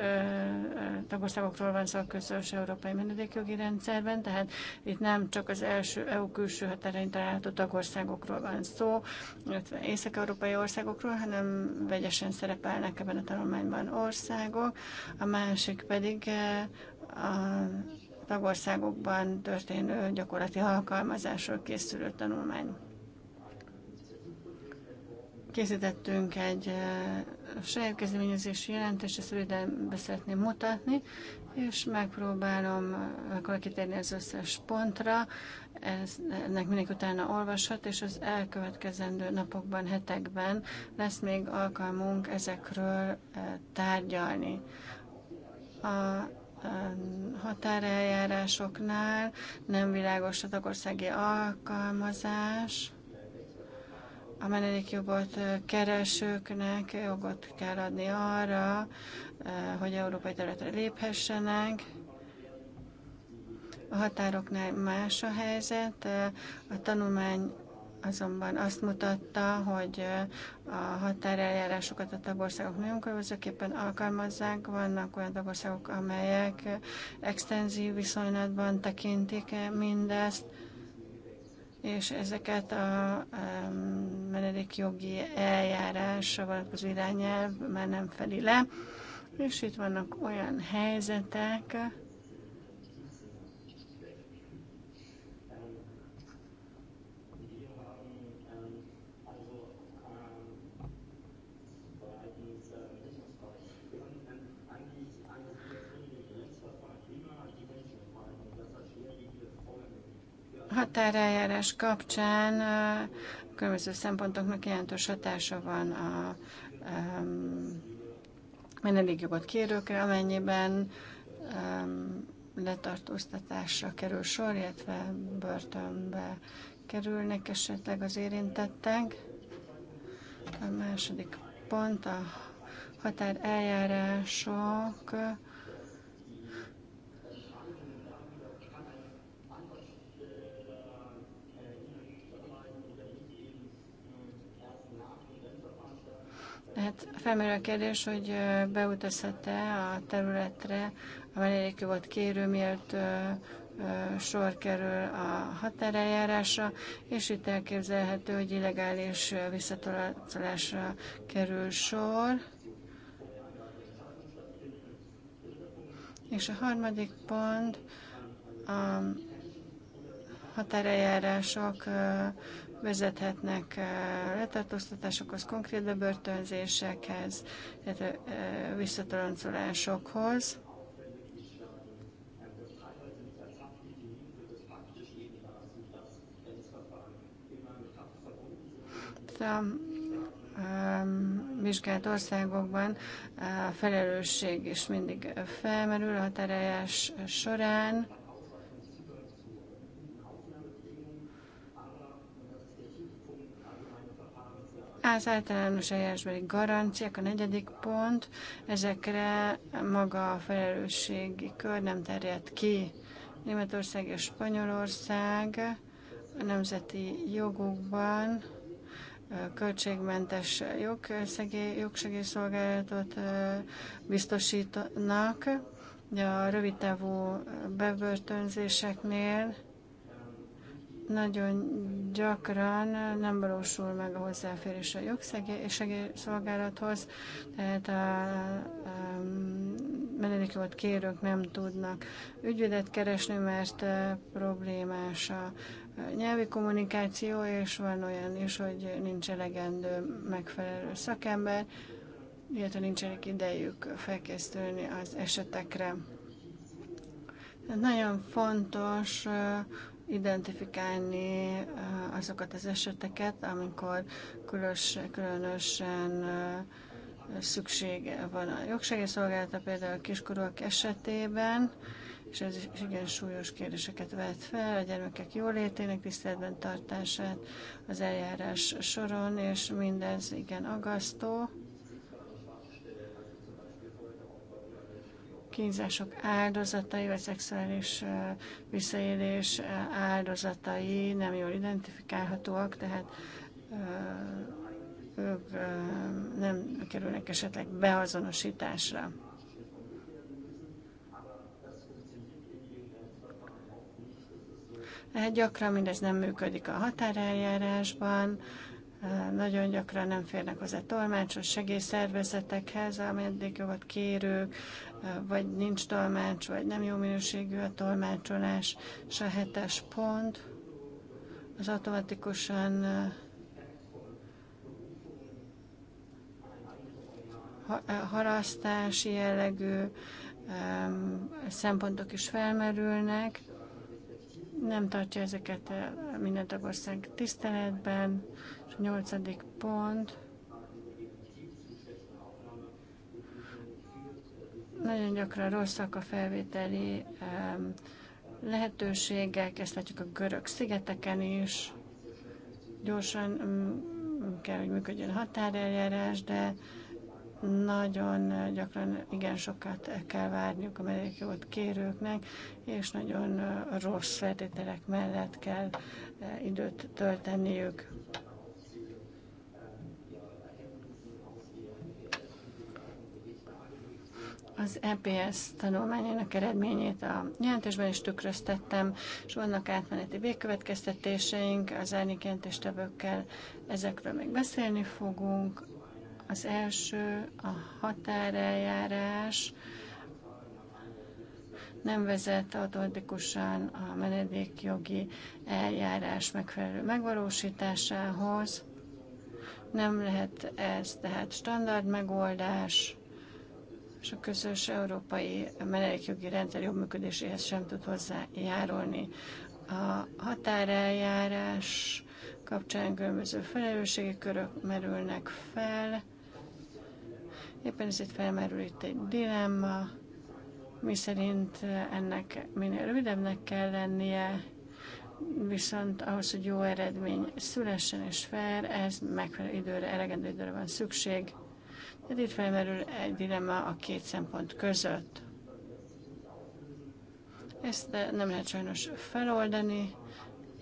tagországokról van szó a közös európai menedékjogi rendszerben, tehát itt nem csak az első EU külső határain található tagországokról van szó, illetve észak-európai országokról, hanem vegyesen szerepelnek ebben a tanulmányban országok, a másik pedig a tagországokban történő gyakorlati alkalmazásról készülő tanulmány. Készítettünk egy saját kezdeményezési jelentést, ezt röviden be szeretném mutatni, és megpróbálom akkor kitérni az összes pontra. Ez, ennek mindig utána olvashat, és az elkövetkezendő napokban, hetekben lesz még alkalmunk ezekről tárgyalni. A határeljárásoknál nem világos a tagországi alkalmazás. A menedékjogot keresőknek jogot kell adni arra, eh, hogy európai területre léphessenek. A határoknál más a helyzet. Eh, a tanulmány azonban azt mutatta, hogy a határeljárásokat a tagországok nagyon különbözőképpen alkalmazzák. Vannak olyan tagországok, amelyek extenzív viszonylatban tekintik mindezt, és ezeket a menedékjogi eljárásra vonatkozó irányelv már nem fedi le. És itt vannak olyan helyzetek, határeljárás kapcsán a különböző szempontoknak jelentős hatása van a menedékjogot kérőkre, amennyiben letartóztatásra kerül sor, illetve börtönbe kerülnek esetleg az érintettek. A második pont a határ eljárások. Hát felmerül a kérdés, hogy beutazhat-e a területre a volt kérő, miért sor kerül a határeljárásra, és itt elképzelhető, hogy illegális visszatolásra kerül sor. És a harmadik pont, a határeljárások vezethetnek letartóztatásokhoz, konkrét bebörtönzésekhez, illetve visszatoloncolásokhoz. A vizsgált országokban a felelősség is mindig felmerül a határeljárás során. az általános eljárásbeli garanciák, a negyedik pont, ezekre maga a felelősségi kör nem terjed ki. Németország és Spanyolország a nemzeti jogukban költségmentes jogsegélyszolgálatot biztosítanak, de a rövidtávú bebörtönzéseknél nagyon gyakran nem valósul meg a hozzáférés a jogszolgálathoz, tehát a, a menedékjogot kérők nem tudnak ügyvédet keresni, mert problémás a nyelvi kommunikáció, és van olyan is, hogy nincs elegendő megfelelő szakember, illetve elég idejük felkészülni az esetekre. Nagyon fontos identifikálni eh, azokat az eseteket, amikor különös, különösen eh, szükség van a szolgálata, például a kiskorúak esetében, és ez is igen súlyos kérdéseket vet fel, a gyermekek jólétének tiszteletben tartását az eljárás soron, és mindez igen agasztó. kínzások áldozatai, vagy szexuális visszaélés áldozatai nem jól identifikálhatóak, tehát ők nem kerülnek esetleg beazonosításra. Hát gyakran mindez nem működik a határeljárásban, nagyon gyakran nem férnek hozzá tolmácsos segélyszervezetekhez, ameddig jogot kérők, vagy nincs tolmács, vagy nem jó minőségű a tolmácsolás, és a hetes pont az automatikusan harasztási jellegű szempontok is felmerülnek. Nem tartja ezeket minden tagország tiszteletben. És a nyolcadik pont Nagyon gyakran rosszak a felvételi lehetőségek, ezt látjuk a görög szigeteken is. Gyorsan mm, mm, kell, hogy működjön határeljárás, de nagyon eh, gyakran igen sokat kell várniuk a menekült kérőknek, és nagyon eh, rossz feltételek mellett kell eh, időt tölteniük. az EPS tanulmányának eredményét a jelentésben is tükröztettem, és vannak átmeneti végkövetkeztetéseink, az árnyék jelentéstevőkkel ezekről még beszélni fogunk. Az első a határeljárás nem vezet automatikusan a menedékjogi eljárás megfelelő megvalósításához. Nem lehet ez tehát standard megoldás és a közös európai menedékjogi rendszer jobb működéséhez sem tud hozzájárulni. A határeljárás kapcsán különböző felelősségi körök merülnek fel. Éppen ezért felmerül itt egy dilemma, mi szerint ennek minél rövidebbnek kell lennie, viszont ahhoz, hogy jó eredmény szülessen és fel, ez megfelelő időre, elegendő időre van szükség. Tehát itt felmerül egy dilemma a két szempont között. Ezt nem lehet sajnos feloldani,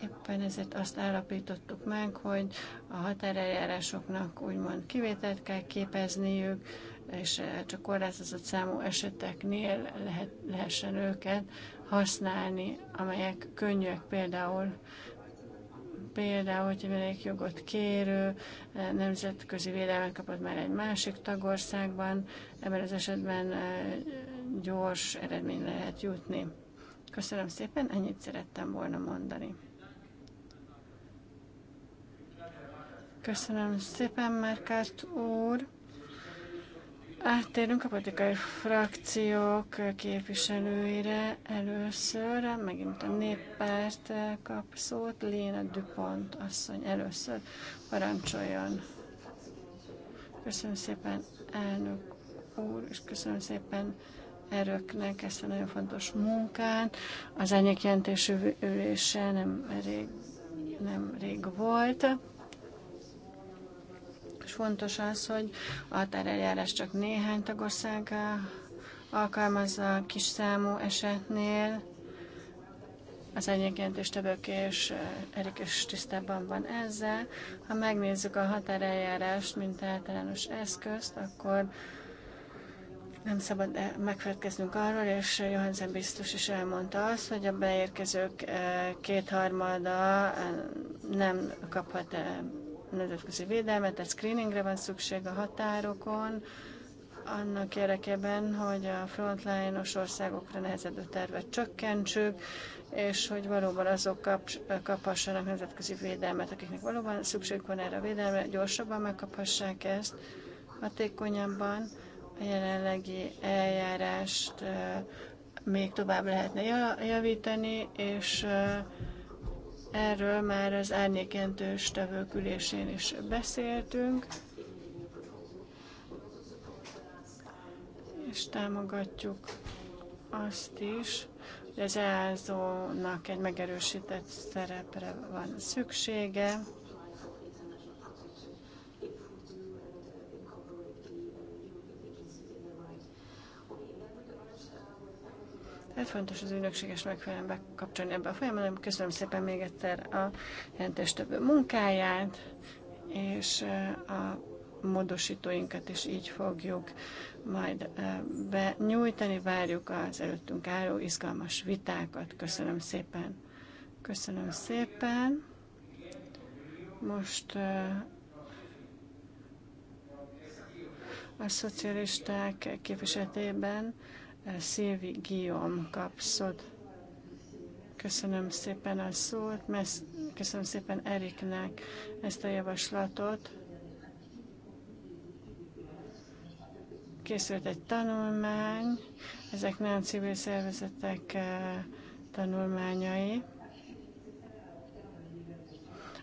éppen ezért azt állapítottuk meg, hogy a határeljárásoknak úgymond kivételt kell képezniük, és eh, csak korlátozott számú eseteknél lehet, lehessen őket használni, amelyek könnyűek például Például, hogyha valamelyik jogot kérő eh, nemzetközi védelmet kapott már egy másik tagországban, ebben az esetben eh, gyors eredményre lehet jutni. Köszönöm szépen, ennyit szerettem volna mondani. Köszönöm szépen, Márkárt úr! Áttérünk a politikai frakciók képviselőire először, megint a néppárt kap szót, Léna Dupont asszony először parancsoljon. Köszönöm szépen elnök úr, és köszönöm szépen erőknek ezt a nagyon fontos munkát. Az jelentésű ülése nem rég, nem rég volt fontos az, hogy a határeljárás csak néhány tagország eh, alkalmazza a kis számú esetnél. Az többök és eh, Erik is tisztában van ezzel. Ha megnézzük a határeljárást, mint általános eszközt, akkor nem szabad eh, megfelelkeznünk arról, és Johansen biztos is elmondta azt, hogy a beérkezők kétharmada nem kaphat nemzetközi védelmet, tehát screeningre van szükség a határokon, annak érdekében, hogy a frontline országokra nehezedő tervet csökkentsük, és hogy valóban azok kap, kaphassanak nemzetközi védelmet, akiknek valóban szükség van erre a védelmre, gyorsabban megkaphassák ezt, hatékonyabban a jelenlegi eljárást még tovább lehetne javítani, és Erről már az árnyékjelentős tevők ülésén is beszéltünk, és támogatjuk azt is, hogy az EASO-nak egy megerősített szerepre van szüksége. Tehát fontos az ügynökséges megfelelően bekapcsolni ebbe a folyamatban. Köszönöm szépen még egyszer a több munkáját, és eh, a módosítóinkat is így fogjuk majd eh, benyújtani. Várjuk az előttünk álló izgalmas vitákat. Köszönöm szépen. Köszönöm szépen. Most eh, a szocialisták képviseletében Szilvi Guillaume kapszod. Köszönöm szépen a szót, köszönöm szépen Eriknek ezt a javaslatot. Készült egy tanulmány, ezek nem civil szervezetek eh, tanulmányai.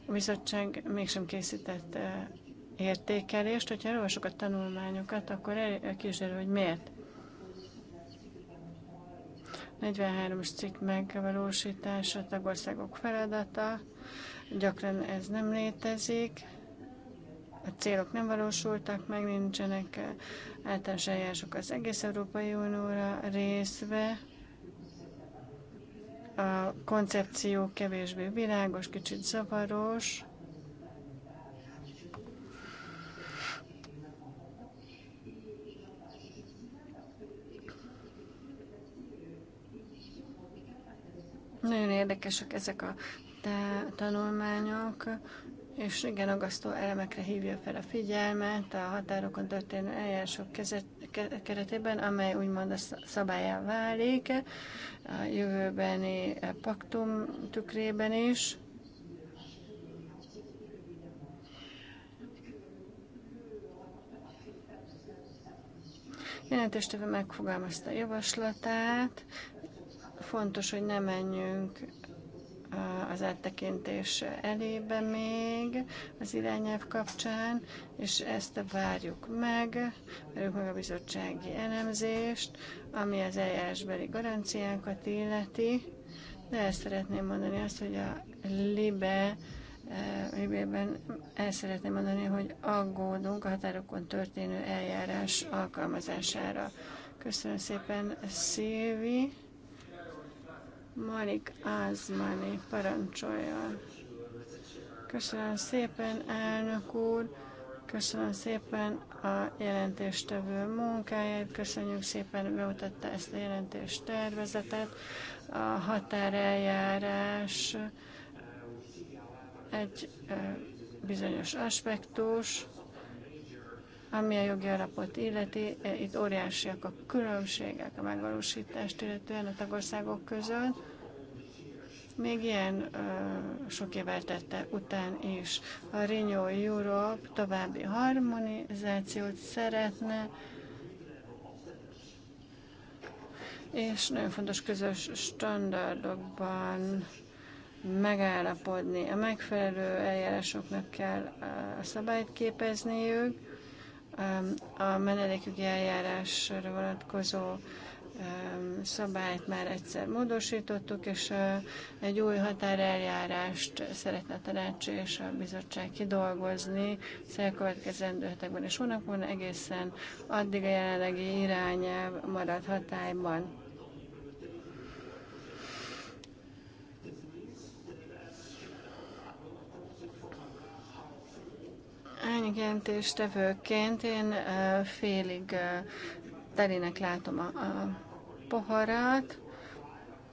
A bizottság mégsem készített eh, értékelést. Hogyha elolvasok a tanulmányokat, akkor el, hogy miért. 43-as cikk megvalósítása a tagországok feladata, gyakran ez nem létezik, a célok nem valósultak meg, nincsenek általános eljárások az egész Európai Unióra részve, a koncepció kevésbé világos, kicsit zavaros, Nagyon érdekesek ezek a tanulmányok, és igen, agasztó elemekre hívja fel a figyelmet a határokon történő eljárások keretében, amely úgymond a szabályá válik a jövőbeni paktum tükrében is. Jelentéstevő megfogalmazta javaslatát, Fontos, hogy ne menjünk az áttekintés elébe még az irányelv kapcsán, és ezt várjuk meg, várjuk meg a bizottsági elemzést, ami az eljárásbeli garanciánkat illeti, de ezt szeretném mondani azt, hogy a LIBE Libében el szeretném mondani, hogy aggódunk a határokon történő eljárás alkalmazására. Köszönöm szépen, Szilvi! Marik Ázmani parancsolja. Köszönöm szépen, elnök úr! Köszönöm szépen a jelentéstevő munkáját, köszönjük szépen, bemutatta ezt a jelentést tervezetet. A határeljárás egy bizonyos aspektus, ami a jogi alapot illeti, e, itt óriásiak a különbségek a megvalósítást, illetően a tagországok között. Még ilyen ö, sok évvel tette után is a Renew Europe további harmonizációt szeretne, és nagyon fontos közös standardokban megállapodni. A megfelelő eljárásoknak kell a szabályt képezniük, a menedékügyi eljárásra vonatkozó szabályt már egyszer módosítottuk, és egy új határeljárást szeretne a tanács és a bizottság kidolgozni a következő hetekben és hónapban egészen addig a jelenlegi irányelv marad hatályban. és tevőként én félig telének látom a, a poharat.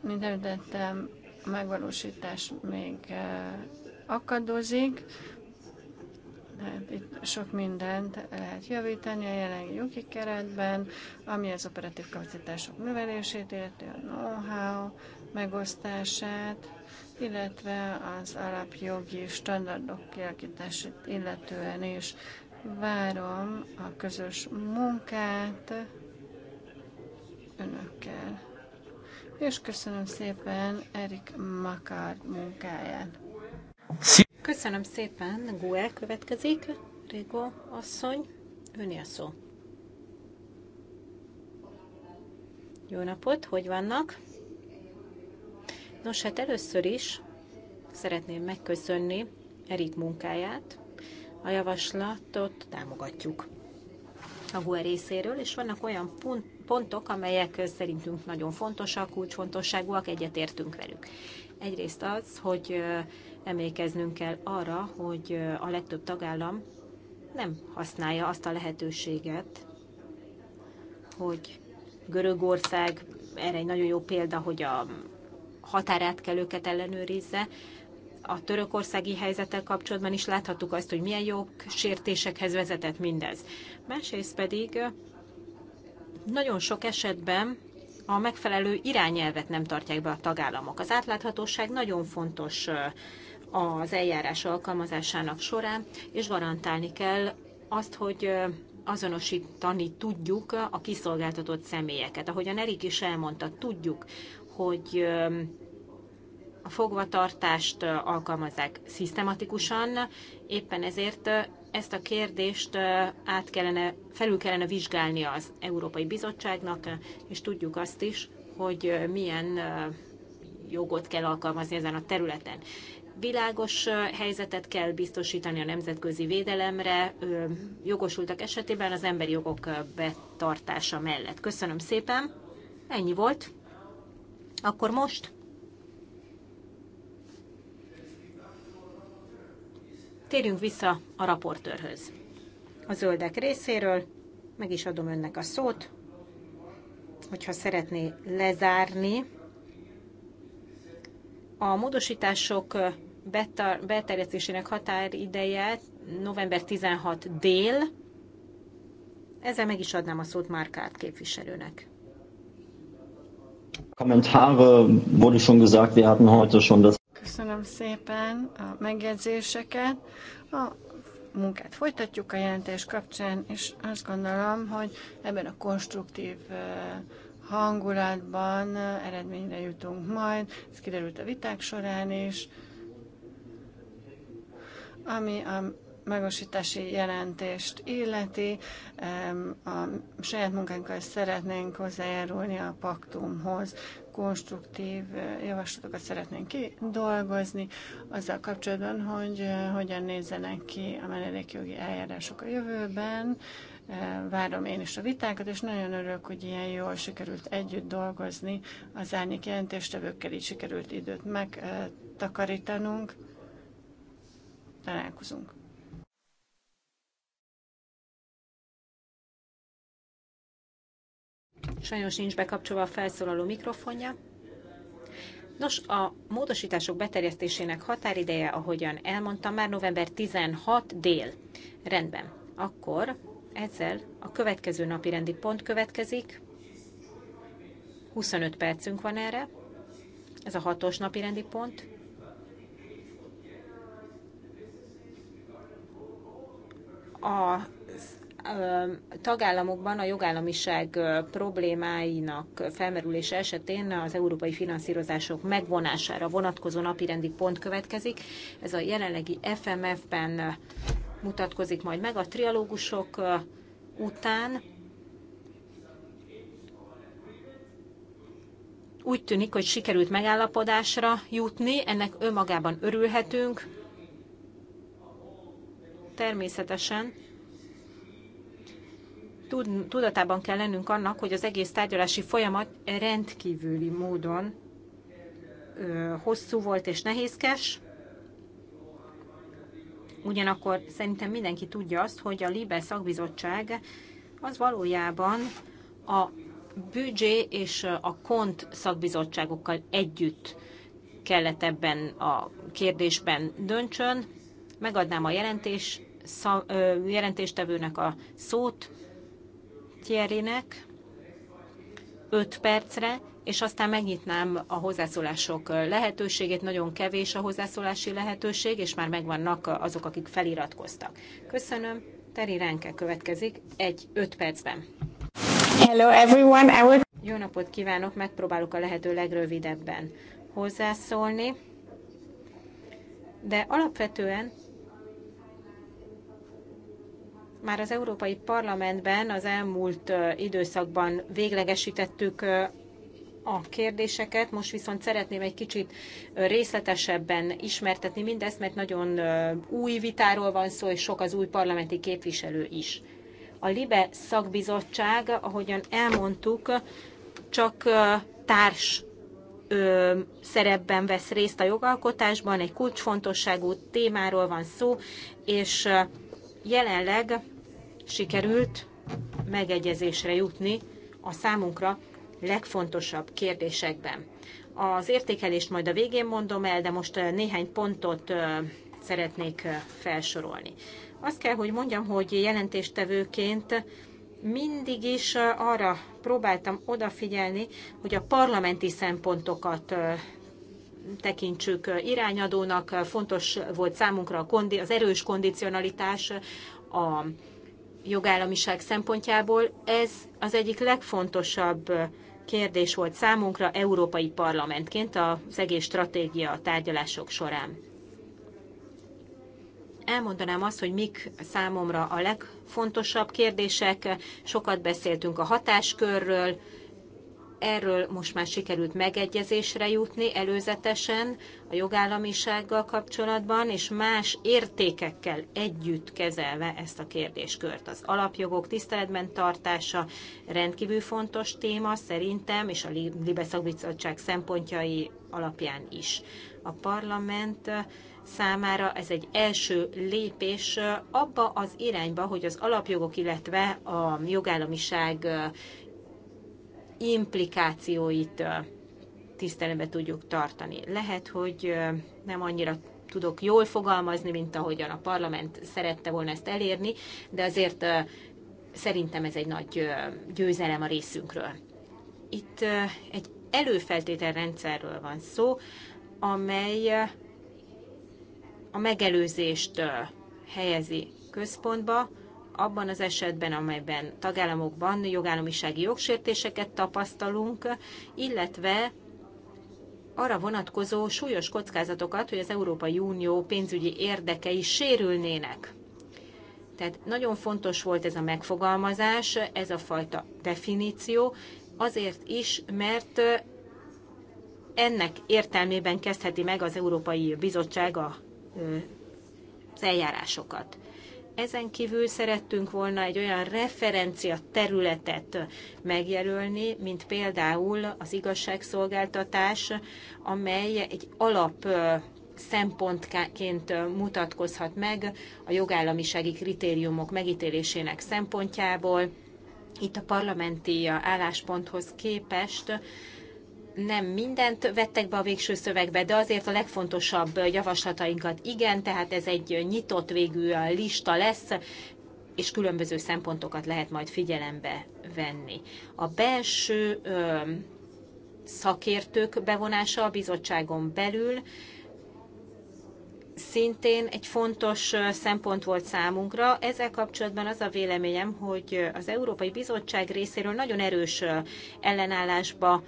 Mint említettem, a megvalósítás még akadozik, tehát itt sok mindent lehet javítani a jelenlegi juki keretben, ami az operatív kapacitások növelését, illetve a know-how megosztását, illetve az alapjogi standardok kialakítását illetően is várom a közös munkát önökkel. És köszönöm szépen Erik Makar munkáját. Köszönöm szépen, Gue következik, Régo asszony, öné a szó. Jó napot, hogy vannak? Nos, hát először is szeretném megköszönni Erik munkáját. A javaslatot támogatjuk a GUE részéről, és vannak olyan pontok, amelyek szerintünk nagyon fontosak, kulcsfontosságúak, egyetértünk velük. Egyrészt az, hogy emlékeznünk kell arra, hogy a legtöbb tagállam nem használja azt a lehetőséget, hogy Görögország, erre egy nagyon jó példa, hogy a határátkelőket ellenőrizze. A törökországi helyzetek kapcsolatban is láthattuk azt, hogy milyen jogsértésekhez vezetett mindez. Másrészt pedig nagyon sok esetben a megfelelő irányelvet nem tartják be a tagállamok. Az átláthatóság nagyon fontos az eljárás alkalmazásának során, és garantálni kell azt, hogy azonosítani tudjuk a kiszolgáltatott személyeket. Ahogyan Erik is elmondta, tudjuk, hogy a fogvatartást alkalmazzák szisztematikusan, éppen ezért ezt a kérdést át kellene, felül kellene vizsgálni az Európai Bizottságnak, és tudjuk azt is, hogy milyen jogot kell alkalmazni ezen a területen. Világos helyzetet kell biztosítani a nemzetközi védelemre, jogosultak esetében az emberi jogok betartása mellett. Köszönöm szépen, ennyi volt. Akkor most Térjünk vissza a raportőrhöz. A zöldek részéről meg is adom önnek a szót, hogyha szeretné lezárni a módosítások beterjesztésének határideje november 16 dél. Ezzel meg is adnám a szót Márkárt képviselőnek. Kommentare wurde schon gesagt, wir hatten heute schon das Köszönöm szépen a megjegyzéseket. A munkát folytatjuk a jelentés kapcsán, és azt gondolom, hogy ebben a konstruktív hangulatban eredményre jutunk majd. Ez kiderült a viták során is. Ami a megosítási jelentést illeti. A saját munkánkkal szeretnénk hozzájárulni a paktumhoz, konstruktív eh, javaslatokat szeretnénk kidolgozni azzal kapcsolatban, hogy eh, hogyan nézzenek ki a menedékjogi eljárások a jövőben. Eh, várom én is a vitákat, és nagyon örülök, hogy ilyen jól sikerült együtt dolgozni. Az árnyék jelentéstevőkkel így sikerült időt megtakarítanunk. Találkozunk. Sajnos nincs bekapcsolva a felszólaló mikrofonja. Nos, a módosítások beterjesztésének határideje, ahogyan elmondtam, már november 16 dél. Rendben. Akkor ezzel a következő napi rendi pont következik. 25 percünk van erre. Ez a hatos napi rendi pont. A tagállamokban a jogállamiság problémáinak felmerülése esetén az európai finanszírozások megvonására vonatkozó napirendi pont következik. Ez a jelenlegi FMF-ben mutatkozik majd meg a trialógusok után. Úgy tűnik, hogy sikerült megállapodásra jutni, ennek önmagában örülhetünk. Természetesen tudatában kell lennünk annak, hogy az egész tárgyalási folyamat rendkívüli módon hosszú volt és nehézkes. Ugyanakkor szerintem mindenki tudja azt, hogy a Libe szakbizottság az valójában a büdzsé és a kont szakbizottságokkal együtt kellett ebben a kérdésben döntsön. Megadnám a jelentés, jelentéstevőnek a szót, Thierry-nek 5 percre, és aztán megnyitnám a hozzászólások lehetőségét. Nagyon kevés a hozzászólási lehetőség, és már megvannak azok, akik feliratkoztak. Köszönöm. Teri Renke következik egy 5 percben. Hello everyone, I will... Jó napot kívánok, megpróbálok a lehető legrövidebben hozzászólni, de alapvetően már az Európai Parlamentben az elmúlt időszakban véglegesítettük a kérdéseket, most viszont szeretném egy kicsit részletesebben ismertetni mindezt, mert nagyon új vitáról van szó, és sok az új parlamenti képviselő is. A LIBE szakbizottság, ahogyan elmondtuk, csak társ szerepben vesz részt a jogalkotásban, egy kulcsfontosságú témáról van szó, és Jelenleg sikerült megegyezésre jutni a számunkra legfontosabb kérdésekben. Az értékelést majd a végén mondom el, de most eh, néhány pontot eh, szeretnék eh, felsorolni. Azt kell, hogy mondjam, hogy jelentéstevőként mindig is arra próbáltam odafigyelni, hogy a parlamenti szempontokat tekintsük irányadónak. Fontos volt számunkra az erős kondicionalitás, a jogállamiság szempontjából. Ez az egyik legfontosabb kérdés volt számunkra európai parlamentként az egész stratégia tárgyalások során. Elmondanám azt, hogy mik számomra a legfontosabb kérdések. Sokat beszéltünk a hatáskörről, Erről most már sikerült megegyezésre jutni előzetesen a jogállamisággal kapcsolatban, és más értékekkel együtt kezelve ezt a kérdéskört. Az alapjogok tiszteletben tartása rendkívül fontos téma szerintem, és a Libeszakbizottság szempontjai alapján is. A parlament számára ez egy első lépés abba az irányba, hogy az alapjogok, illetve a jogállamiság implikációit tiszteletbe tudjuk tartani. Lehet, hogy nem annyira tudok jól fogalmazni, mint ahogyan a parlament szerette volna ezt elérni, de azért szerintem ez egy nagy győzelem a részünkről. Itt egy előfeltételrendszerről van szó, amely a megelőzést helyezi központba, abban az esetben, amelyben tagállamokban jogállamisági jogsértéseket tapasztalunk, illetve arra vonatkozó súlyos kockázatokat, hogy az Európai Unió pénzügyi érdekei sérülnének. Tehát nagyon fontos volt ez a megfogalmazás, ez a fajta definíció, azért is, mert ennek értelmében kezdheti meg az Európai Bizottság a, az eljárásokat. Ezen kívül szerettünk volna egy olyan referencia területet megjelölni, mint például az igazságszolgáltatás, amely egy alap szempontként mutatkozhat meg a jogállamisági kritériumok megítélésének szempontjából. Itt a parlamenti állásponthoz képest nem mindent vettek be a végső szövegbe, de azért a legfontosabb javaslatainkat igen, tehát ez egy nyitott végű lista lesz, és különböző szempontokat lehet majd figyelembe venni. A belső ö, szakértők bevonása a bizottságon belül szintén egy fontos szempont volt számunkra. Ezzel kapcsolatban az a véleményem, hogy az Európai Bizottság részéről nagyon erős ellenállásba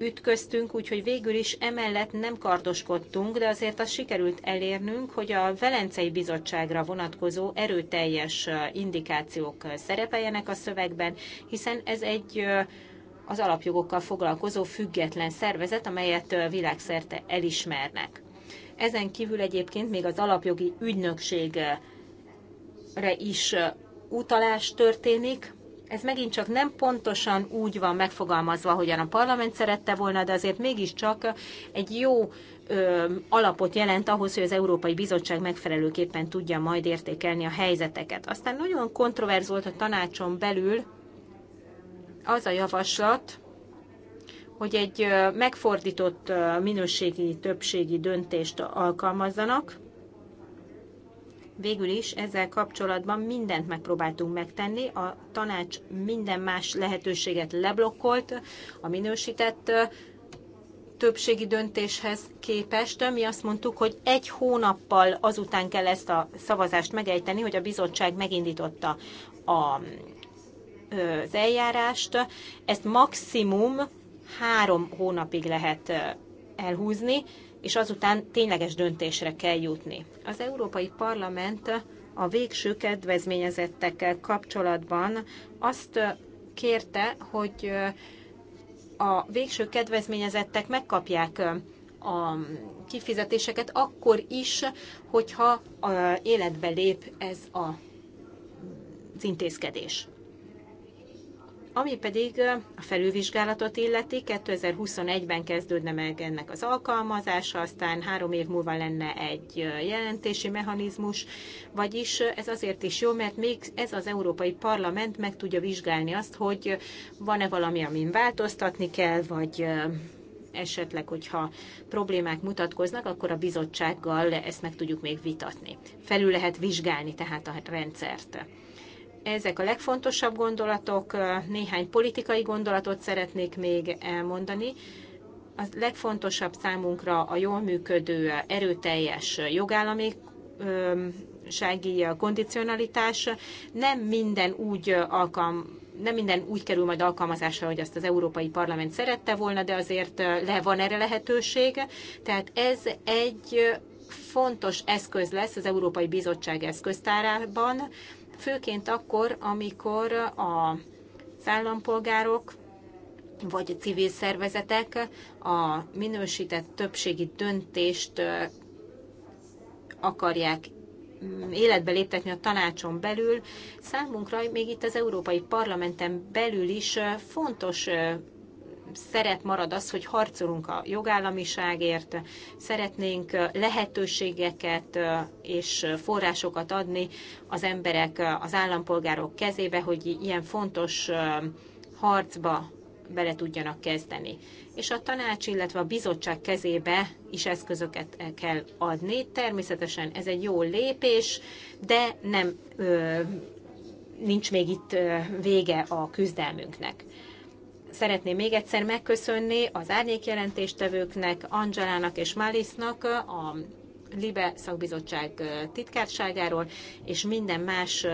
ütköztünk, úgyhogy végül is emellett nem kardoskodtunk, de azért azt sikerült elérnünk, hogy a Velencei Bizottságra vonatkozó erőteljes indikációk szerepeljenek a szövegben, hiszen ez egy az alapjogokkal foglalkozó független szervezet, amelyet világszerte elismernek. Ezen kívül egyébként még az alapjogi ügynökségre is utalás történik, ez megint csak nem pontosan úgy van megfogalmazva, hogyan a parlament szerette volna, de azért mégiscsak egy jó ö, alapot jelent ahhoz, hogy az Európai Bizottság megfelelőképpen tudja majd értékelni a helyzeteket. Aztán nagyon kontroverz volt a tanácson belül az a javaslat, hogy egy megfordított minőségi többségi döntést alkalmazzanak, végül is ezzel kapcsolatban mindent megpróbáltunk megtenni. A tanács minden más lehetőséget leblokkolt a minősített többségi döntéshez képest. Mi azt mondtuk, hogy egy hónappal azután kell ezt a szavazást megejteni, hogy a bizottság megindította a, az eljárást. Ezt maximum három hónapig lehet elhúzni és azután tényleges döntésre kell jutni. Az Európai Parlament a végső kedvezményezettekkel kapcsolatban azt kérte, hogy a végső kedvezményezettek megkapják a kifizetéseket akkor is, hogyha életbe lép ez a, az intézkedés. Ami pedig a felülvizsgálatot illeti, 2021-ben kezdődne meg ennek az alkalmazása, aztán három év múlva lenne egy jelentési mechanizmus, vagyis ez azért is jó, mert még ez az Európai Parlament meg tudja vizsgálni azt, hogy van-e valami, amin változtatni kell, vagy esetleg, hogyha problémák mutatkoznak, akkor a bizottsággal ezt meg tudjuk még vitatni. Felül lehet vizsgálni tehát a rendszert. Ezek a legfontosabb gondolatok, néhány politikai gondolatot szeretnék még elmondani. A legfontosabb számunkra a jól működő, erőteljes jogállami sági kondicionalitás. Nem minden úgy alkalm, nem minden úgy kerül majd alkalmazásra, hogy azt az Európai Parlament szerette volna, de azért eh, le van erre lehetőség. Tehát ez egy fontos eszköz lesz az Európai Bizottság eszköztárában, főként akkor, amikor a fellampolgárok vagy a civil szervezetek a minősített többségi döntést akarják mm, életbe léptetni a tanácson belül. Számunkra még itt az Európai Parlamenten belül is fontos szeret marad az, hogy harcolunk a jogállamiságért, szeretnénk lehetőségeket és forrásokat adni az emberek, az állampolgárok kezébe, hogy ilyen fontos harcba bele tudjanak kezdeni. És a tanács, illetve a bizottság kezébe is eszközöket e, kell adni. Természetesen ez egy jó lépés, de nem ö, nincs még itt vége a küzdelmünknek szeretném még egyszer megköszönni az árnyékjelentéstevőknek, Angelának és Malisnak a LIBE szakbizottság titkárságáról, és minden más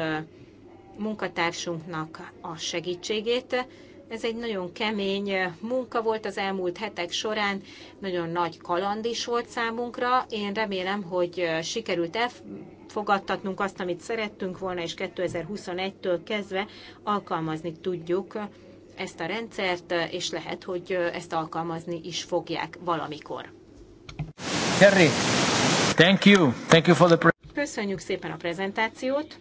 munkatársunknak a segítségét. Ez egy nagyon kemény munka volt az elmúlt hetek során, nagyon nagy kaland is volt számunkra. Én remélem, hogy sikerült elfogadtatnunk azt, amit szerettünk volna, és 2021-től kezdve alkalmazni tudjuk ezt a rendszert, és lehet, hogy ezt alkalmazni is fogják valamikor. Henry, thank you. Thank you for the Köszönjük szépen a prezentációt.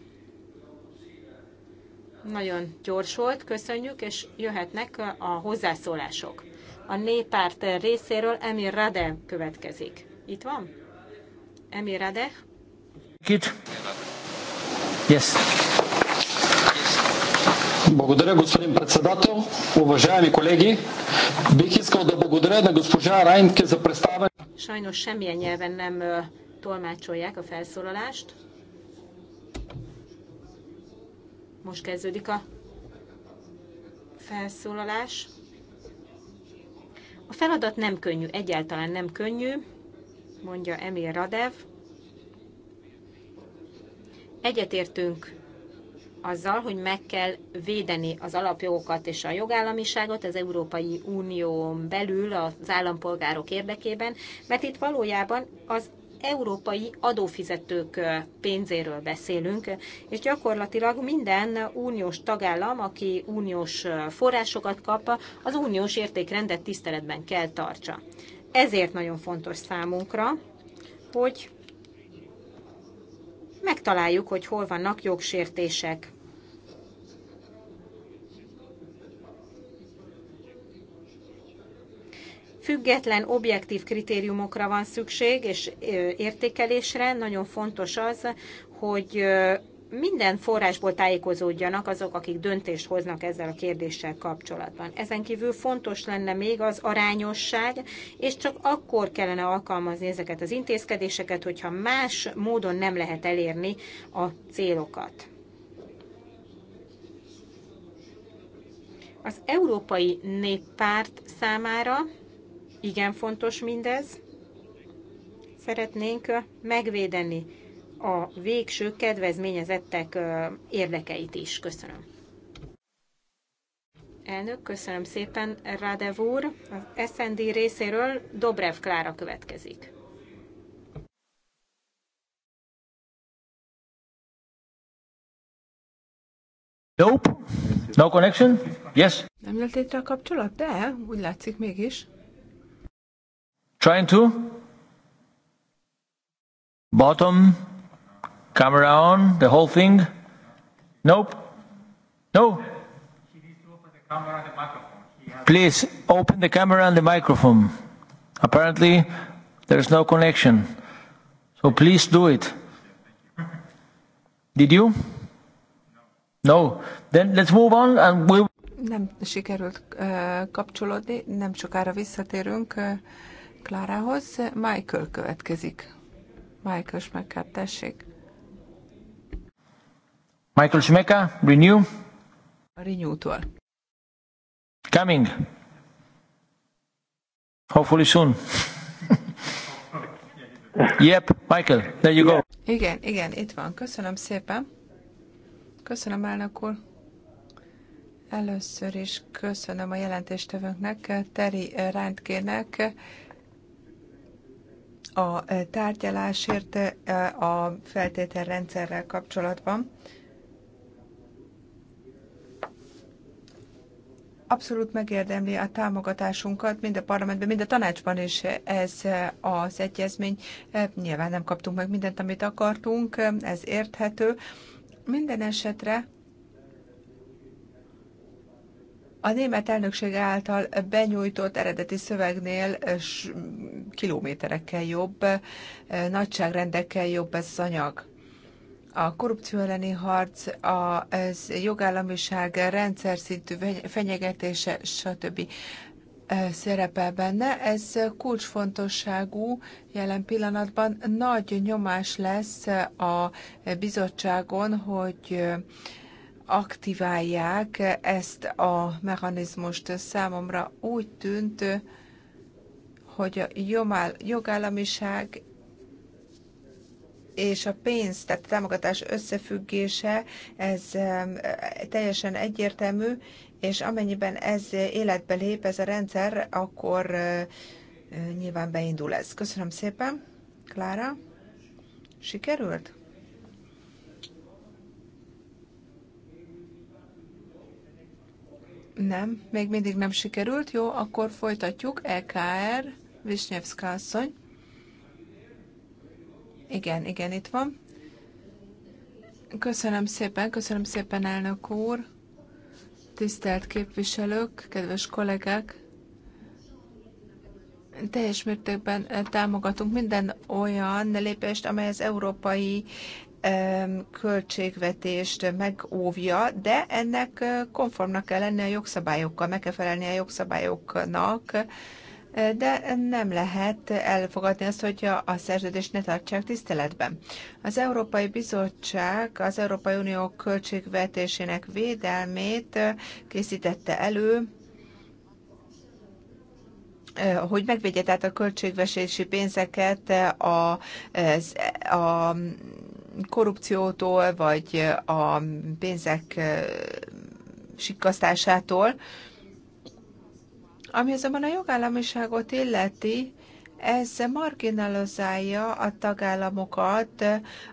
Nagyon gyors volt, köszönjük, és jöhetnek a hozzászólások. A néppárt részéről Emir Rade következik. Itt van? Emir Rade? Kit? Yes. Благодаря, господин председател. Уважаеми колеги, бих искал да благодаря на госпожа Райнке за представяне. Шайно, semmilyen nyelven nem tolmácsolják a felszólalást. Most kezdődik a felszólalás. A feladat nem könnyű, egyáltalán nem könnyű, mondja Emil Radev. Egyetértünk azzal, hogy meg kell védeni az alapjogokat és a jogállamiságot az Európai Unión belül az állampolgárok érdekében, mert itt valójában az európai adófizetők pénzéről beszélünk, és gyakorlatilag minden uniós tagállam, aki uniós forrásokat kap, az uniós értékrendet tiszteletben kell tartsa. Ezért nagyon fontos számunkra, hogy megtaláljuk, hogy hol vannak jogsértések. Független, objektív kritériumokra van szükség, és értékelésre nagyon fontos az, hogy minden forrásból tájékozódjanak azok, akik döntést hoznak ezzel a kérdéssel kapcsolatban. Ezen kívül fontos lenne még az arányosság, és csak akkor kellene alkalmazni ezeket az intézkedéseket, hogyha más módon nem lehet elérni a célokat. Az Európai Néppárt számára igen fontos mindez. Szeretnénk megvédeni a végső kedvezményezettek érdekeit is. Köszönöm. Elnök, köszönöm szépen. Radev úr, az SND részéről Dobrev Klára következik. Nope. No connection? Yes. Nem jött létre a kapcsolat? De, úgy látszik mégis trying to bottom camera on the whole thing nope no please open the camera and the microphone apparently there's no connection so please do it did you no then let's move on and we'll nem sikerült uh, kapcsolódni, nem sokára visszatérünk. Uh, Klárához. Michael következik. Michael Schmecker, tessék. Michael Schmecker, Renew. A Renew-tól. Coming. Hopefully soon. <laughs> yep, Michael, there you go. Igen, igen, itt van. Köszönöm szépen. Köszönöm, elnök úr. Először is köszönöm a jelentéstevőnknek, Teri Rántkének a e, tárgyalásért e, a feltételrendszerrel kapcsolatban. abszolút megérdemli a támogatásunkat, mind a parlamentben, mind a tanácsban is ez az egyezmény. E, nyilván nem kaptunk meg mindent, amit akartunk, ez érthető. Minden esetre a német elnökség által benyújtott eredeti szövegnél eh, kilométerekkel jobb, eh, nagyságrendekkel jobb ez az anyag a korrupció elleni harc, a jogállamiság rendszer szintű fenyegetése, stb. Eh, szerepel benne. Ez kulcsfontosságú jelen pillanatban. Nagy nyomás lesz a bizottságon, hogy aktiválják ezt a mechanizmust. Számomra úgy tűnt, hogy a jogállamiság és a pénz, tehát a támogatás összefüggése, ez teljesen egyértelmű, és amennyiben ez életbe lép, ez a rendszer, akkor nyilván beindul ez. Köszönöm szépen, Klára. Sikerült? Nem, még mindig nem sikerült. Jó, akkor folytatjuk. EKR, Visnyevszka asszony. Igen, igen, itt van. Köszönöm szépen, köszönöm szépen, elnök úr. Tisztelt képviselők, kedves kollégák! Teljes mértékben támogatunk minden olyan lépést, amely az európai költségvetést megóvja, de ennek konformnak kell lennie a jogszabályokkal, meg kell felelni a jogszabályoknak, de nem lehet elfogadni azt, hogy a szerződést ne tartsák tiszteletben. Az Európai Bizottság az Európai Unió költségvetésének védelmét készítette elő, hogy megvédje tehát a költségvetési pénzeket az, a korrupciótól, vagy a pénzek sikkasztásától. Ami azonban a jogállamiságot illeti, ez marginalizálja a tagállamokat,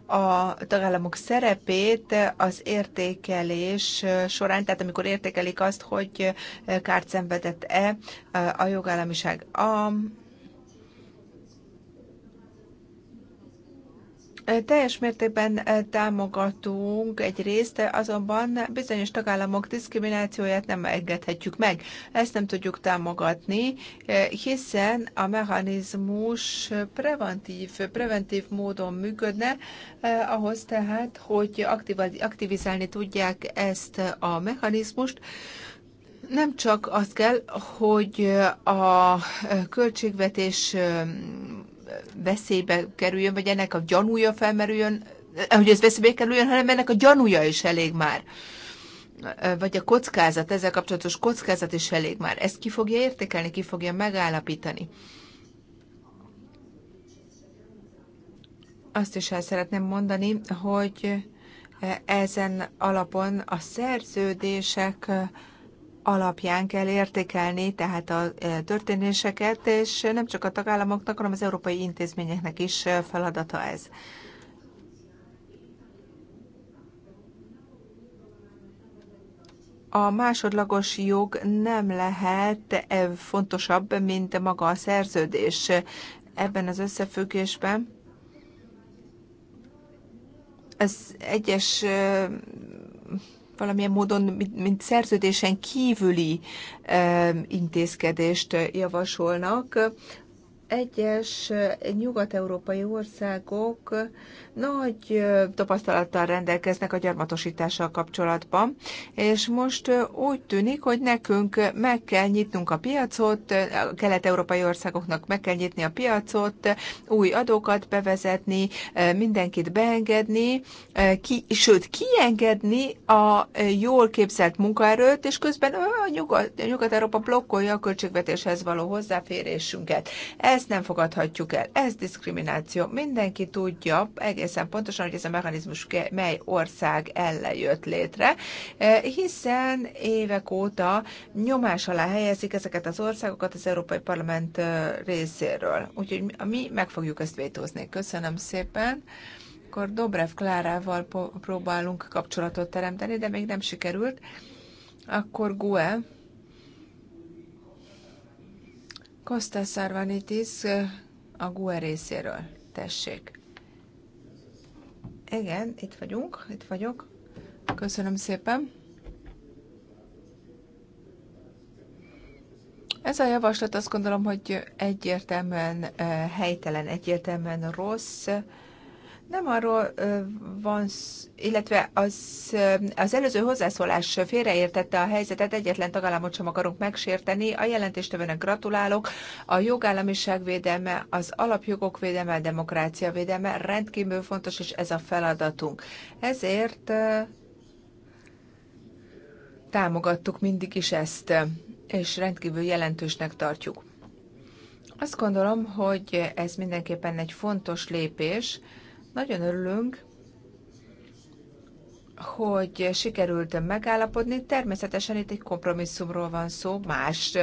a tagállamok szerepét az értékelés során, tehát amikor értékelik azt, hogy kárt szenvedett-e a jogállamiság. A Teljes mértékben támogatunk egy részt, azonban bizonyos tagállamok diszkriminációját nem engedhetjük meg. Ezt nem tudjuk támogatni, hiszen a mechanizmus preventív, preventív módon működne, ahhoz tehát, hogy aktivizálni tudják ezt a mechanizmust, nem csak azt kell, hogy a költségvetés veszélybe kerüljön, vagy ennek a gyanúja felmerüljön, hogy ez veszélybe kerüljön, hanem ennek a gyanúja is elég már. Vagy a kockázat, ezzel kapcsolatos kockázat is elég már. Ezt ki fogja értékelni, ki fogja megállapítani. Azt is el szeretném mondani, hogy ezen alapon a szerződések alapján kell értékelni tehát a e, történéseket, és nem csak a tagállamoknak, hanem az európai intézményeknek is e, feladata ez. a másodlagos jog nem lehet e, fontosabb, mint maga a szerződés. Ebben az összefüggésben az egyes valamilyen módon, mint szerződésen kívüli intézkedést eh, javasolnak. Egyes eh, nyugat-európai országok nagy tapasztalattal rendelkeznek a gyarmatosítással kapcsolatban, és most úgy tűnik, hogy nekünk meg kell nyitnunk a piacot, a kelet-európai országoknak meg kell nyitni a piacot, új adókat bevezetni, mindenkit beengedni, ki, sőt, kiengedni a jól képzelt munkaerőt, és közben a Nyugat, Nyugat-Európa blokkolja a költségvetéshez való hozzáférésünket. Ezt nem fogadhatjuk el, ez diszkrimináció. Mindenki tudja, egész egészen pontosan, hogy ez a mechanizmus mely ország ellen jött létre, e, hiszen évek óta nyomás alá helyezik ezeket az országokat az Európai Parlament e, részéről. Úgyhogy mi meg fogjuk ezt vétózni. Köszönöm szépen akkor Dobrev Klárával próbálunk kapcsolatot teremteni, de még nem sikerült. Akkor Gue, Kostas Arvanitis e, a Gue részéről. Tessék. Igen, itt vagyunk, itt vagyok. Köszönöm szépen. Ez a javaslat azt gondolom, hogy egyértelműen eh, helytelen, egyértelműen rossz, nem arról van, illetve az, az előző hozzászólás félreértette a helyzetet, egyetlen tagállamot sem akarunk megsérteni. A jelentéstevőnek gratulálok. A jogállamiság védelme, az alapjogok védelme, a demokrácia védelme rendkívül fontos, és ez a feladatunk. Ezért támogattuk mindig is ezt, és rendkívül jelentősnek tartjuk. Azt gondolom, hogy ez mindenképpen egy fontos lépés, nagyon örülünk, hogy sikerült megállapodni. Természetesen itt egy kompromisszumról van szó, más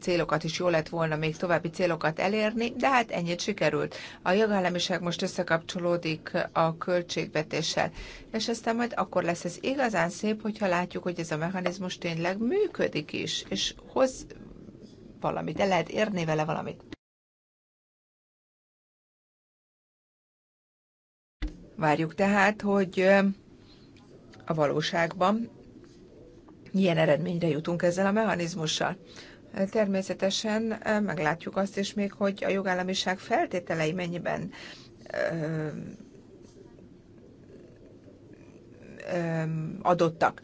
célokat is jó lett volna még további célokat elérni, de hát ennyit sikerült. A jogállamiság most összekapcsolódik a költségvetéssel, és aztán majd akkor lesz ez igazán szép, hogyha látjuk, hogy ez a mechanizmus tényleg működik is, és hoz valamit, el lehet érni vele valamit. Várjuk tehát, hogy a valóságban milyen eredményre jutunk ezzel a mechanizmussal. Természetesen meglátjuk azt is még, hogy a jogállamiság feltételei mennyiben adottak.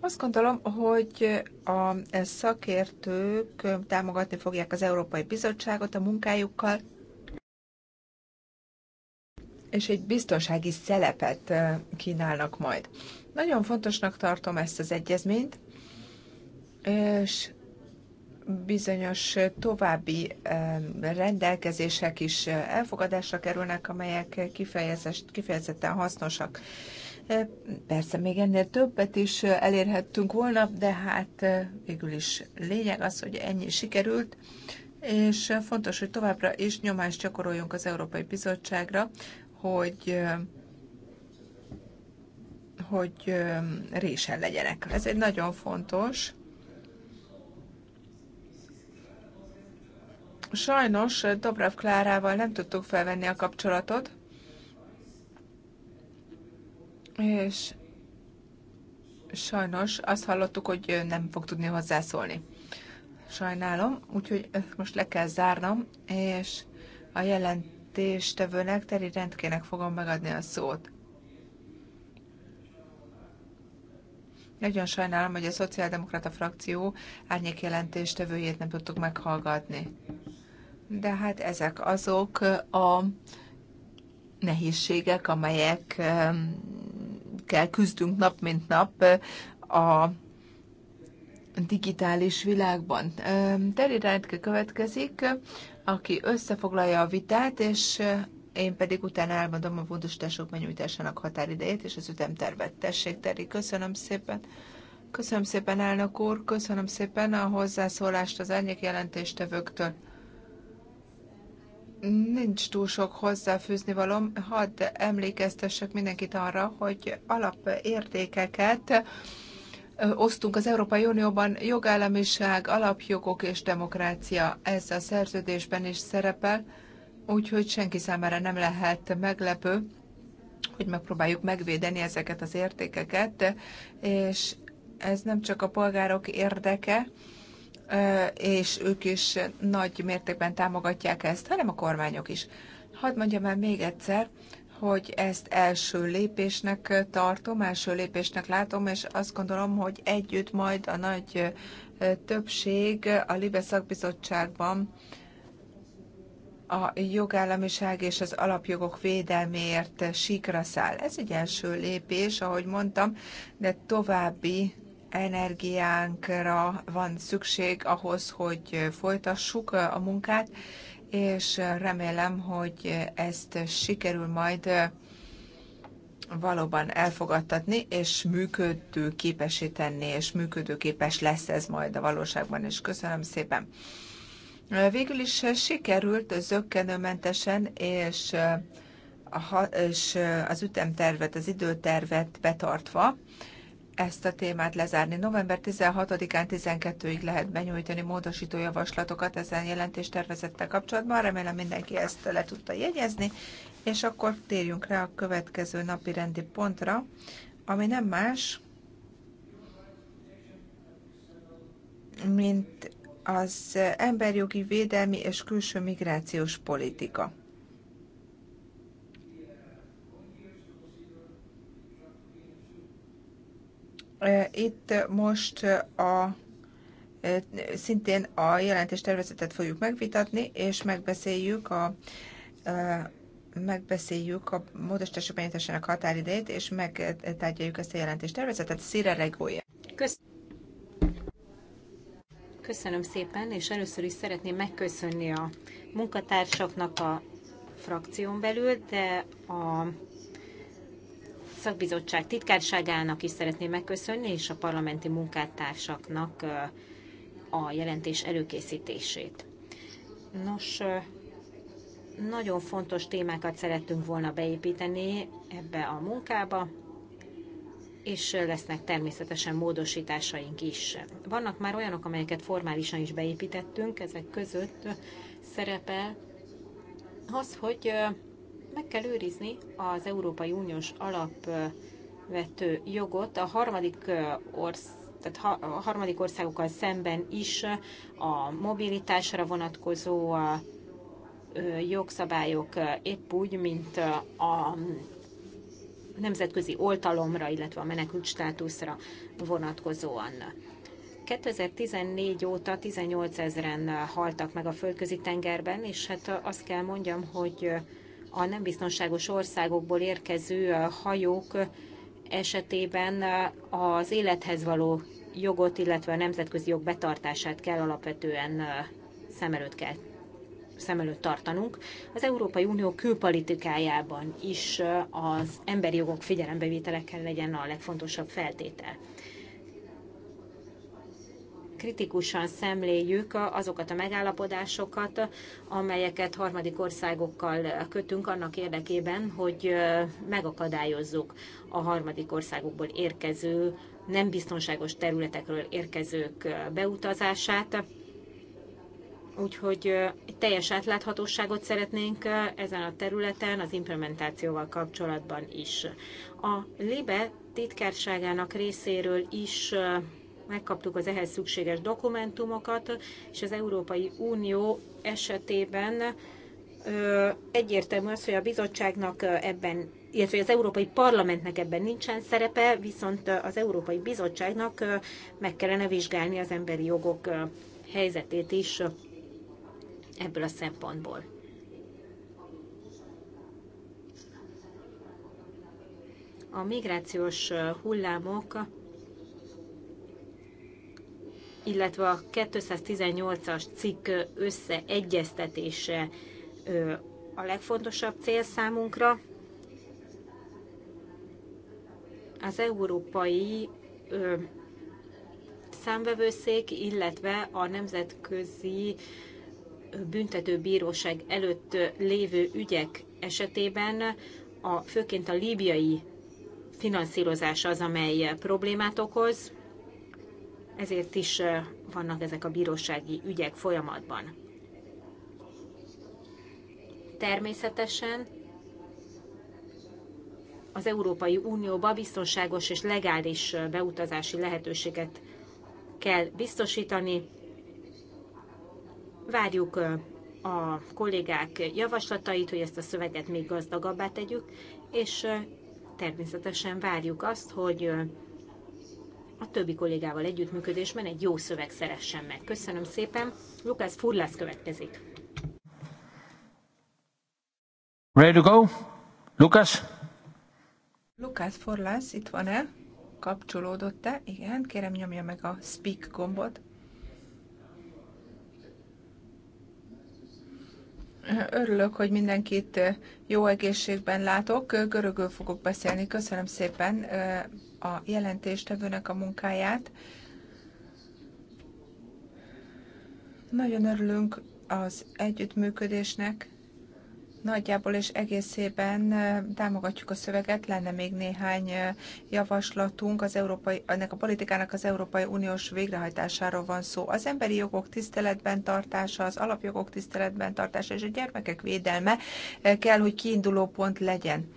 Azt gondolom, hogy a szakértők támogatni fogják az Európai Bizottságot a munkájukkal, és egy biztonsági szelepet kínálnak majd. Nagyon fontosnak tartom ezt az egyezményt, és bizonyos további rendelkezések is elfogadásra kerülnek, amelyek kifejezetten hasznosak. Persze még ennél többet is elérhettünk volna, de hát végül is lényeg az, hogy ennyi sikerült, és fontos, hogy továbbra is nyomást gyakoroljunk az Európai Bizottságra, hogy hogy résen legyenek. Ez egy nagyon fontos. Sajnos Dobrev Klárával nem tudtuk felvenni a kapcsolatot, és sajnos azt hallottuk, hogy nem fog tudni hozzászólni. Sajnálom, úgyhogy most le kell zárnom, és a jelentéstevőnek, Teri Rendkének fogom megadni a szót. Nagyon sajnálom, hogy a Szociáldemokrata frakció árnyék jelentéstevőjét nem tudtuk meghallgatni. De hát ezek azok a nehézségek, amelyek amikkel küzdünk nap mint nap a digitális világban. Terry Reintke következik, aki összefoglalja a vitát, és én pedig utána elmondom a módosítások benyújtásának határidejét és az ütemtervet. Tessék, Teri, köszönöm szépen. Köszönöm szépen, elnök úr, köszönöm szépen a hozzászólást az árnyék jelentéstevőktől. Nincs túl sok hozzáfűzni valom, hadd emlékeztessek mindenkit arra, hogy alapértékeket osztunk az Európai Unióban jogállamiság, alapjogok és demokrácia. Ez a szerződésben is szerepel, úgyhogy senki számára nem lehet meglepő, hogy megpróbáljuk megvédeni ezeket az értékeket, és ez nem csak a polgárok érdeke, és ők is nagy mértékben támogatják ezt, hanem a kormányok is. Hadd mondjam el még egyszer, hogy ezt első lépésnek tartom, első lépésnek látom, és azt gondolom, hogy együtt majd a nagy többség a Libe szakbizottságban a jogállamiság és az alapjogok védelméért síkra száll. Ez egy első lépés, ahogy mondtam, de további energiánkra van szükség ahhoz, hogy folytassuk a munkát, és remélem, hogy ezt sikerül majd valóban elfogadtatni, és működőképesé tenni, és működőképes lesz ez majd a valóságban, és köszönöm szépen. Végül is sikerült zöggenőmentesen, és, és az ütemtervet, az időtervet betartva, ezt a témát lezárni. November 16-án 12-ig lehet benyújtani módosító javaslatokat ezen tervezettel kapcsolatban. Remélem mindenki ezt le tudta jegyezni, és akkor térjünk rá a következő napi rendi pontra, ami nem más, mint az emberjogi védelmi és külső migrációs politika. Itt most a szintén a jelentés tervezetet fogjuk megvitatni, és megbeszéljük a megbeszéljük a módosítások benyújtásának határidejét, és megtárgyaljuk ezt a tervezetet Szíre Regója. Köszönöm szépen, és először is szeretném megköszönni a munkatársaknak a frakción belül, de a szakbizottság titkárságának is szeretném megköszönni, és a parlamenti munkátársaknak a jelentés előkészítését. Nos, nagyon fontos témákat szerettünk volna beépíteni ebbe a munkába, és lesznek természetesen módosításaink is. Vannak már olyanok, amelyeket formálisan is beépítettünk, ezek között szerepel az, hogy meg kell őrizni az Európai Uniós alapvető jogot a harmadik ország tehát a harmadik országokkal szemben is a mobilitásra vonatkozó jogszabályok épp úgy, mint a nemzetközi oltalomra, illetve a menekült státuszra vonatkozóan. 2014 óta 18 ezeren haltak meg a földközi tengerben, és hát azt kell mondjam, hogy a nem biztonságos országokból érkező hajók esetében az élethez való jogot, illetve a nemzetközi jog betartását kell alapvetően szem előtt, kell, szem előtt tartanunk. Az Európai Unió külpolitikájában is az emberi jogok figyelembevétele kell legyen a legfontosabb feltétel kritikusan szemléljük azokat a megállapodásokat, amelyeket harmadik országokkal eh, kötünk annak érdekében, hogy eh, megakadályozzuk a harmadik országokból érkező, nem biztonságos területekről érkezők eh, beutazását. Úgyhogy teljes átláthatóságot szeretnénk ezen a területen az implementációval kapcsolatban is. A LIBE titkárságának részéről is megkaptuk az ehhez szükséges dokumentumokat, és az Európai Unió esetében egyértelmű az, hogy a bizottságnak ebben, illetve az Európai Parlamentnek ebben nincsen szerepe, viszont az Európai Bizottságnak meg kellene vizsgálni az emberi jogok helyzetét is ebből a szempontból. A migrációs hullámok illetve a 218-as cikk összeegyeztetése a legfontosabb cél számunkra. Az európai számvevőszék, illetve a nemzetközi büntetőbíróság előtt lévő ügyek esetében a, főként a líbiai finanszírozás az, amely problémát okoz ezért is vannak ezek a bírósági ügyek folyamatban. Természetesen az Európai Unióba biztonságos és legális beutazási lehetőséget kell biztosítani. Várjuk a kollégák javaslatait, hogy ezt a szöveget még gazdagabbá tegyük, és természetesen várjuk azt, hogy a többi kollégával együttműködésben egy jó szöveg szeressen meg. Köszönöm szépen. Lukás Furlász következik. Ready to go? Lukász? Lukász Forlász itt van-e? Kapcsolódott-e? Igen, kérem nyomja meg a speak gombot. Örülök, hogy mindenkit jó egészségben látok. Görögül fogok beszélni. Köszönöm szépen a jelentéstevőnek a munkáját. Nagyon örülünk az együttműködésnek, nagyjából és egészében támogatjuk a szöveget, lenne még néhány javaslatunk, az európai, ennek a politikának az Európai Uniós végrehajtásáról van szó. Az emberi jogok tiszteletben tartása, az alapjogok tiszteletben tartása és a gyermekek védelme kell, hogy kiinduló pont legyen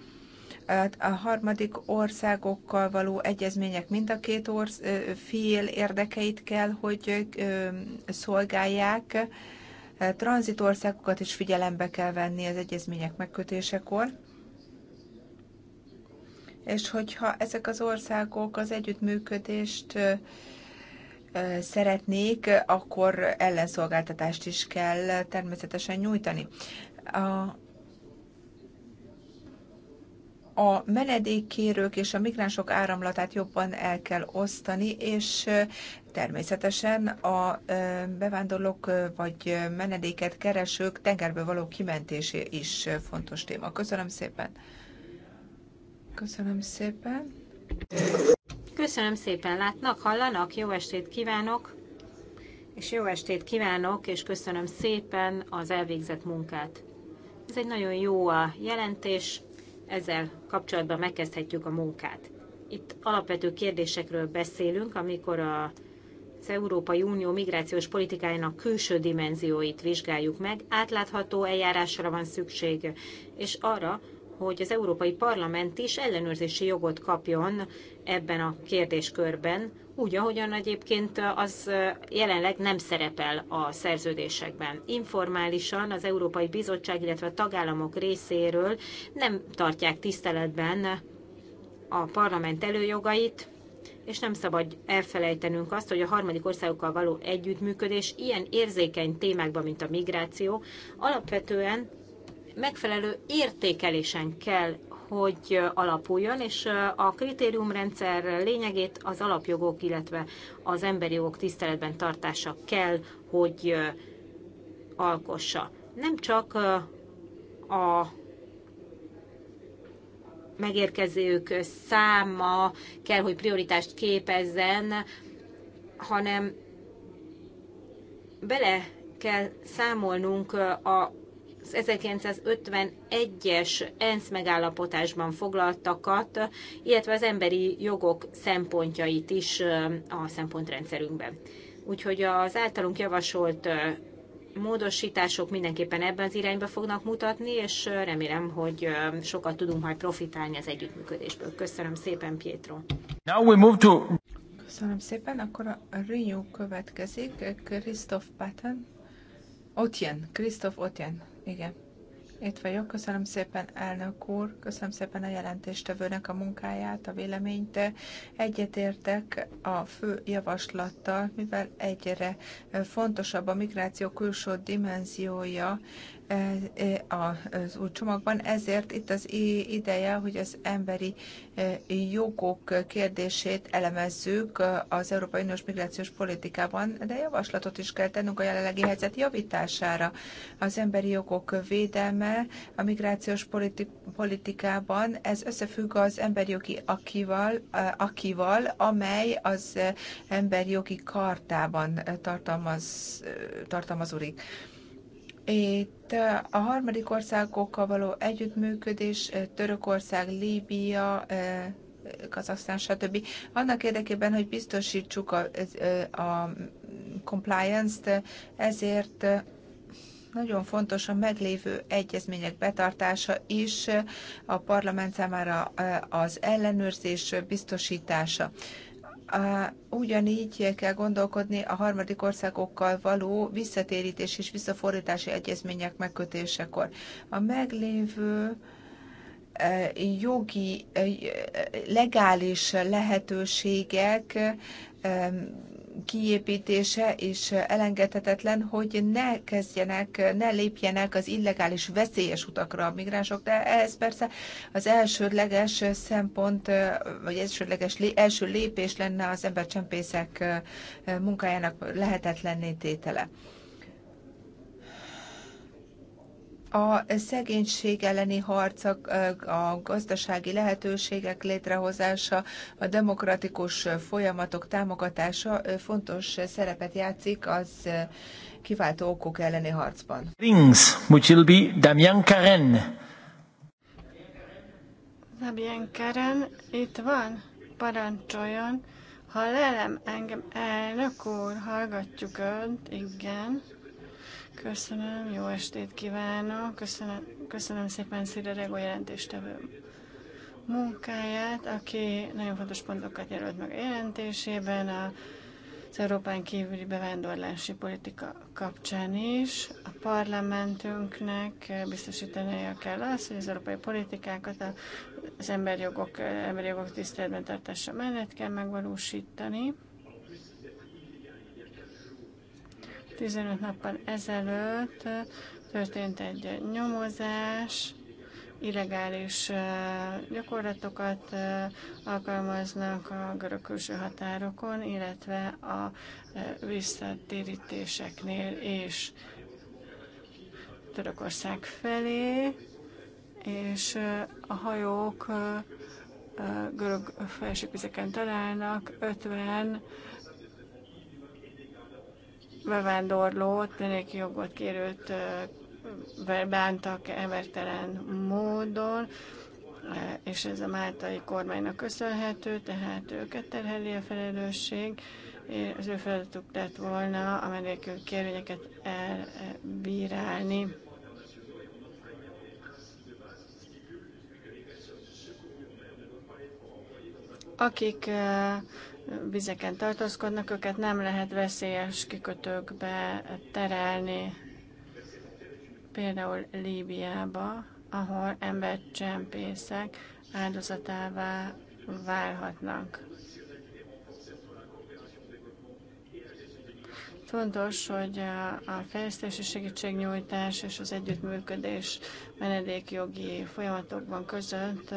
a harmadik országokkal való egyezmények mind a két orsz, fél érdekeit kell, hogy szolgálják. Tranzitországokat is figyelembe kell venni az egyezmények megkötésekor. És hogyha ezek az országok az együttműködést szeretnék, akkor ellenszolgáltatást is kell természetesen nyújtani. A a menedékkérők és a migránsok áramlatát jobban el kell osztani, és természetesen a bevándorlók vagy menedéket keresők tengerbe való kimentésé is fontos téma. Köszönöm szépen! Köszönöm szépen! Köszönöm szépen! Látnak, hallanak? Jó estét kívánok! És jó estét kívánok, és köszönöm szépen az elvégzett munkát. Ez egy nagyon jó a jelentés, ezzel kapcsolatban megkezdhetjük a munkát. Itt alapvető kérdésekről beszélünk, amikor a az Európai Unió migrációs politikájának külső dimenzióit vizsgáljuk meg, átlátható eljárásra van szükség, és arra, hogy az Európai Parlament is ellenőrzési jogot kapjon ebben a kérdéskörben, úgy, ahogyan egyébként az eh, jelenleg nem szerepel a szerződésekben. Informálisan az Európai Bizottság, illetve a tagállamok részéről nem tartják tiszteletben a parlament előjogait, és nem szabad elfelejtenünk azt, hogy a harmadik országokkal való együttműködés ilyen érzékeny témákban, mint a migráció, alapvetően megfelelő értékelésen kell, hogy alapuljon, és a kritériumrendszer lényegét az alapjogok, illetve az emberi jogok tiszteletben tartása kell, hogy alkossa. Nem csak a megérkezők száma kell, hogy prioritást képezzen, hanem bele kell számolnunk a az 1951-es ENSZ megállapotásban foglaltakat, illetve az emberi jogok szempontjait is a szempontrendszerünkben. Úgyhogy az általunk javasolt módosítások mindenképpen ebben az irányba fognak mutatni, és remélem, hogy sokat tudunk majd profitálni az együttműködésből. Köszönöm szépen, Pietro. Now we move to... Köszönöm szépen, akkor a Renew következik, Christoph Patton, Otjen, Christoph Otjen. Igen. Itt vagyok. Köszönöm szépen, elnök úr. Köszönöm szépen a jelentéstevőnek a munkáját, a véleményt. Egyetértek a fő javaslattal, mivel egyre fontosabb a migráció külső dimenziója, az új csomagban, ezért itt az ideje, hogy az emberi e, jogok kérdését elemezzük az Európai Uniós migrációs politikában, de javaslatot is kell tennünk a jelenlegi helyzet javítására. Az emberi jogok védelme a migrációs politikában, ez összefügg az emberi jogi akival, e, akival amely az emberi jogi kartában tartalmaz, e, tartalmazódik. Itt a harmadik országokkal való együttműködés, eh, Törökország, Líbia, eh, Kazasztán, stb. Annak érdekében, hogy biztosítsuk a, eh, a compliance-t, ezért nagyon fontos a meglévő egyezmények betartása is, a parlament számára az ellenőrzés biztosítása. Ugyanígy kell gondolkodni a harmadik országokkal való visszatérítés és visszafordítási egyezmények megkötésekor. A meglévő e, jogi, e, legális lehetőségek e, kiépítése is elengedhetetlen, hogy ne kezdjenek, ne lépjenek az illegális veszélyes utakra a migránsok, de ez persze az elsődleges szempont, vagy elsődleges első lépés lenne az embercsempészek munkájának lehetetlenné tétele. a szegénység elleni harc, a gazdasági lehetőségek létrehozása, a demokratikus folyamatok támogatása fontos szerepet játszik az kiváltó okok elleni harcban. Rings, Mucilbi, Damian Karen. Damian Karen, itt van, parancsoljon. Ha lelem engem, elnök úr, hallgatjuk önt, igen. Köszönöm, jó estét kívánok. Köszönöm, köszönöm szépen Szire Rego jelentéstevő munkáját, aki nagyon fontos pontokat jelölt meg a jelentésében, a, az Európán kívüli bevándorlási politika kapcsán is. A parlamentünknek biztosítania kell azt, hogy az európai politikákat az emberjogok, emberjogok tiszteletben tartása mellett kell megvalósítani. 15 nappal ezelőtt történt egy nyomozás, illegális gyakorlatokat alkalmaznak a görög külső határokon, illetve a visszatérítéseknél és Törökország felé, és a hajók görög felsővizeken találnak 50 bevándorlót, mindenki jogot kérőt bántak embertelen módon, és ez a máltai kormánynak köszönhető, tehát őket terheli a felelősség. Az ő feladatuk lett volna a menekült kérvényeket elbírálni. akik vizeken tartózkodnak, őket nem lehet veszélyes kikötőkbe terelni, például Líbiába, ahol embercsempészek áldozatává válhatnak. Fontos, hogy a fejlesztési segítségnyújtás és az együttműködés menedékjogi folyamatokban között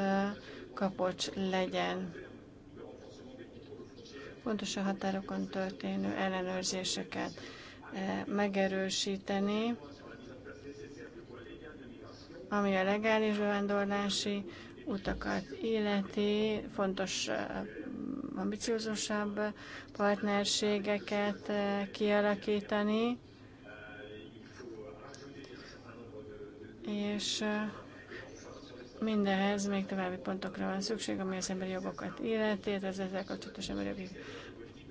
kapocs legyen pontos a határokon történő ellenőrzéseket eh, megerősíteni, ami a legális bevándorlási utakat illeti, fontos eh, ambiciózusabb partnerségeket eh, kialakítani, és Mindehez még további pontokra van szükség, ami az emberi jogokat illeti, az ezzel kapcsolatos emberi jogi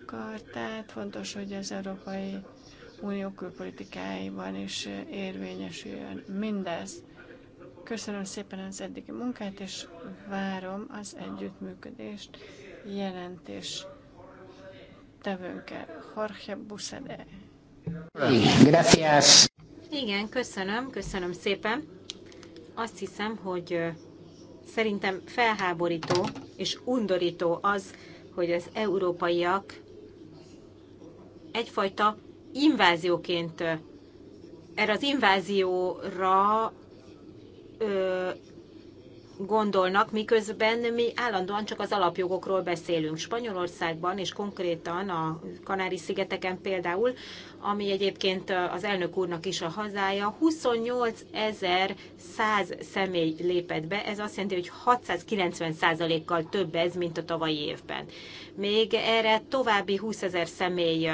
kartát. Fontos, hogy az Európai Unió külpolitikáiban is érvényesüljön mindez. Köszönöm szépen az eddigi munkát, és várom az együttműködést jelentés tevőnkkel. Jorge Buszede. Gracias. Igen, köszönöm, köszönöm szépen azt hiszem, hogy szerintem felháborító és undorító az, hogy az európaiak egyfajta invázióként erre az invázióra gondolnak, miközben mi állandóan csak az alapjogokról beszélünk. Spanyolországban és konkrétan a Kanári-szigeteken például, ami egyébként az elnök úrnak is a hazája, 28.100 személy lépett be, ez azt jelenti, hogy 690%-kal több ez, mint a tavalyi évben. Még erre további 20 személy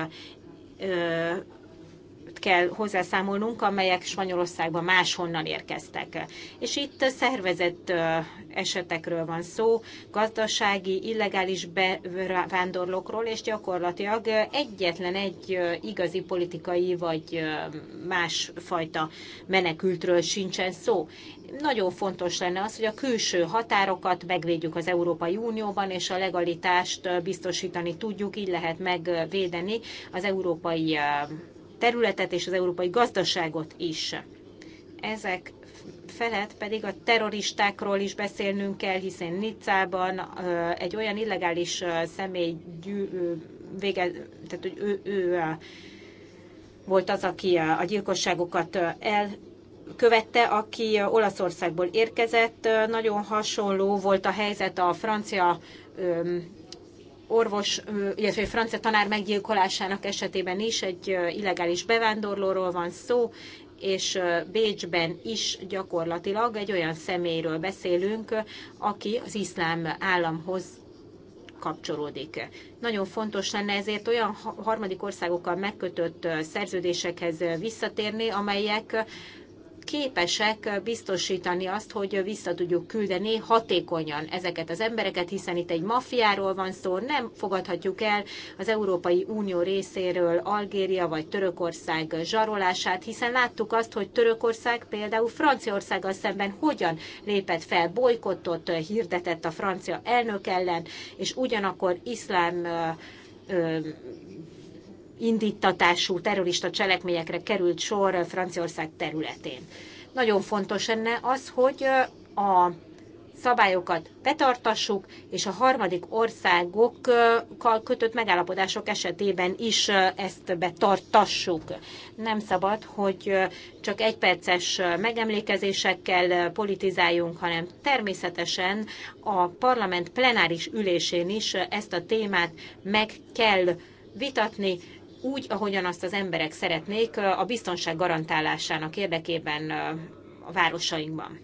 azokat kell hozzászámolnunk, amelyek Spanyolországban máshonnan érkeztek. És itt szervezett esetekről van szó, gazdasági, illegális bevándorlókról, és gyakorlatilag egyetlen egy igazi politikai vagy másfajta menekültről sincsen szó nagyon fontos lenne az, hogy a külső határokat megvédjük az Európai Unióban, és a legalitást biztosítani tudjuk, így lehet megvédeni az európai területet és az európai gazdaságot is. Ezek felett pedig a terroristákról is beszélnünk kell, hiszen Nicában egy olyan illegális személy gyű, vége, tehát hogy ő, ő volt az, aki a gyilkosságokat elkövette, aki Olaszországból érkezett. Nagyon hasonló volt a helyzet a francia orvos, illetve egy francia tanár meggyilkolásának esetében is egy illegális bevándorlóról van szó, és Bécsben is gyakorlatilag egy olyan személyről beszélünk, aki az iszlám államhoz kapcsolódik. Nagyon fontos lenne ezért olyan harmadik országokkal megkötött szerződésekhez visszatérni, amelyek képesek biztosítani azt, hogy vissza tudjuk küldeni hatékonyan ezeket az embereket, hiszen itt egy maffiáról van szó, nem fogadhatjuk el az Európai Unió részéről Algéria vagy Törökország zsarolását, hiszen láttuk azt, hogy Törökország például Franciaországgal szemben hogyan lépett fel, bolykottot hirdetett a francia elnök ellen, és ugyanakkor iszlám indítatású terrorista cselekményekre került sor Franciaország területén. Nagyon fontos enne az, hogy a szabályokat betartassuk, és a harmadik országokkal kötött megállapodások esetében is ezt betartassuk. Nem szabad, hogy csak egyperces megemlékezésekkel politizáljunk, hanem természetesen a parlament plenáris ülésén is ezt a témát meg kell vitatni, úgy, ahogyan azt az emberek szeretnék a biztonság garantálásának érdekében a városainkban.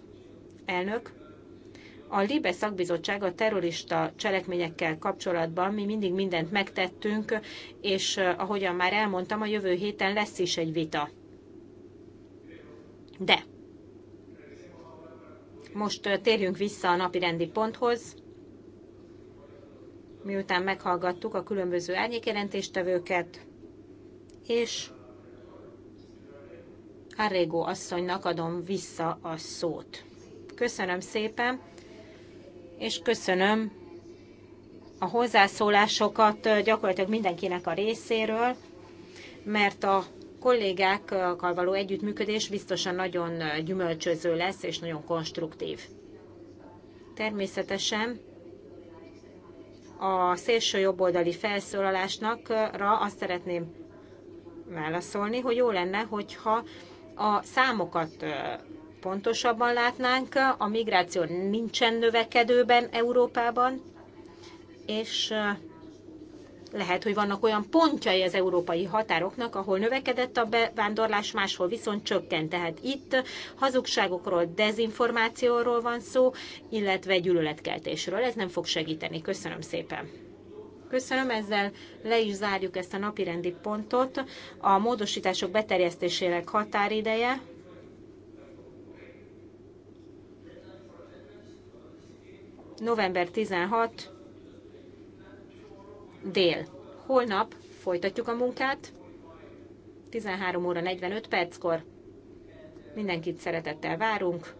Elnök, a Libe szakbizottság a terrorista cselekményekkel kapcsolatban mi mindig mindent megtettünk, és ahogyan már elmondtam, a jövő héten lesz is egy vita. De most térjünk vissza a napi rendi ponthoz. Miután meghallgattuk a különböző árnyékjelentéstevőket, és Arrego asszonynak adom vissza a szót. Köszönöm szépen, és köszönöm a hozzászólásokat gyakorlatilag mindenkinek a részéről, mert a kollégákkal való együttműködés biztosan nagyon gyümölcsöző lesz, és nagyon konstruktív. Természetesen a szélső jobboldali felszólalásnak azt szeretném válaszolni, hogy jó lenne, hogyha a számokat pontosabban látnánk, a migráció nincsen növekedőben Európában, és lehet, hogy vannak olyan pontjai az európai határoknak, ahol növekedett a bevándorlás, máshol viszont csökkent. Tehát itt hazugságokról, dezinformációról van szó, illetve gyűlöletkeltésről. Ez nem fog segíteni. Köszönöm szépen. Köszönöm, ezzel le is zárjuk ezt a napirendi pontot. A módosítások beterjesztésének határideje november 16 dél. Holnap folytatjuk a munkát, 13 óra 45 perckor. Mindenkit szeretettel várunk.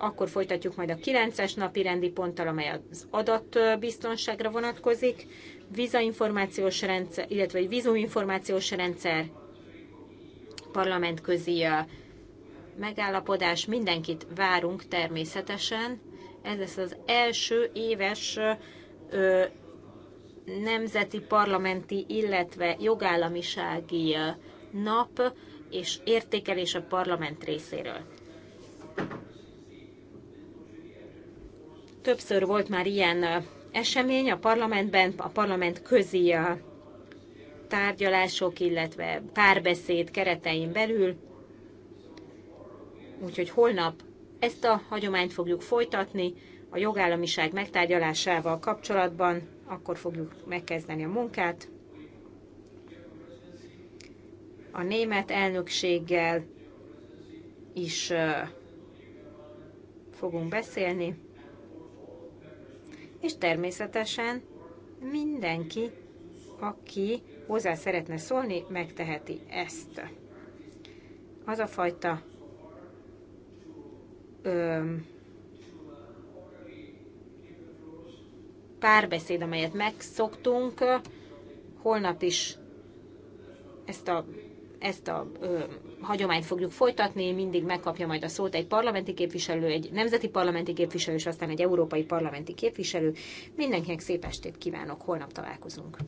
Akkor folytatjuk majd a 9-es napi rendi ponttal, amely az adatbiztonságra vonatkozik, vízainformációs rendszer, illetve egy vízuminformációs rendszer, parlamentközi megállapodás, mindenkit várunk természetesen. Ez lesz az első éves ö, nemzeti parlamenti, illetve jogállamisági nap és értékelés a parlament részéről. Többször volt már ilyen esemény a parlamentben, a parlament közi tárgyalások, illetve párbeszéd keretein belül. Úgyhogy holnap ezt a hagyományt fogjuk folytatni a jogállamiság megtárgyalásával kapcsolatban, akkor fogjuk megkezdeni a munkát. A német elnökséggel is fogunk beszélni és természetesen mindenki, aki hozzá szeretne szólni, megteheti ezt. Az a fajta öm, párbeszéd, amelyet megszoktunk, holnap is ezt a, ezt a ö, hagyományt fogjuk folytatni, mindig megkapja majd a szót egy parlamenti képviselő, egy nemzeti parlamenti képviselő, és aztán egy európai parlamenti képviselő. Mindenkinek szép estét kívánok, holnap találkozunk.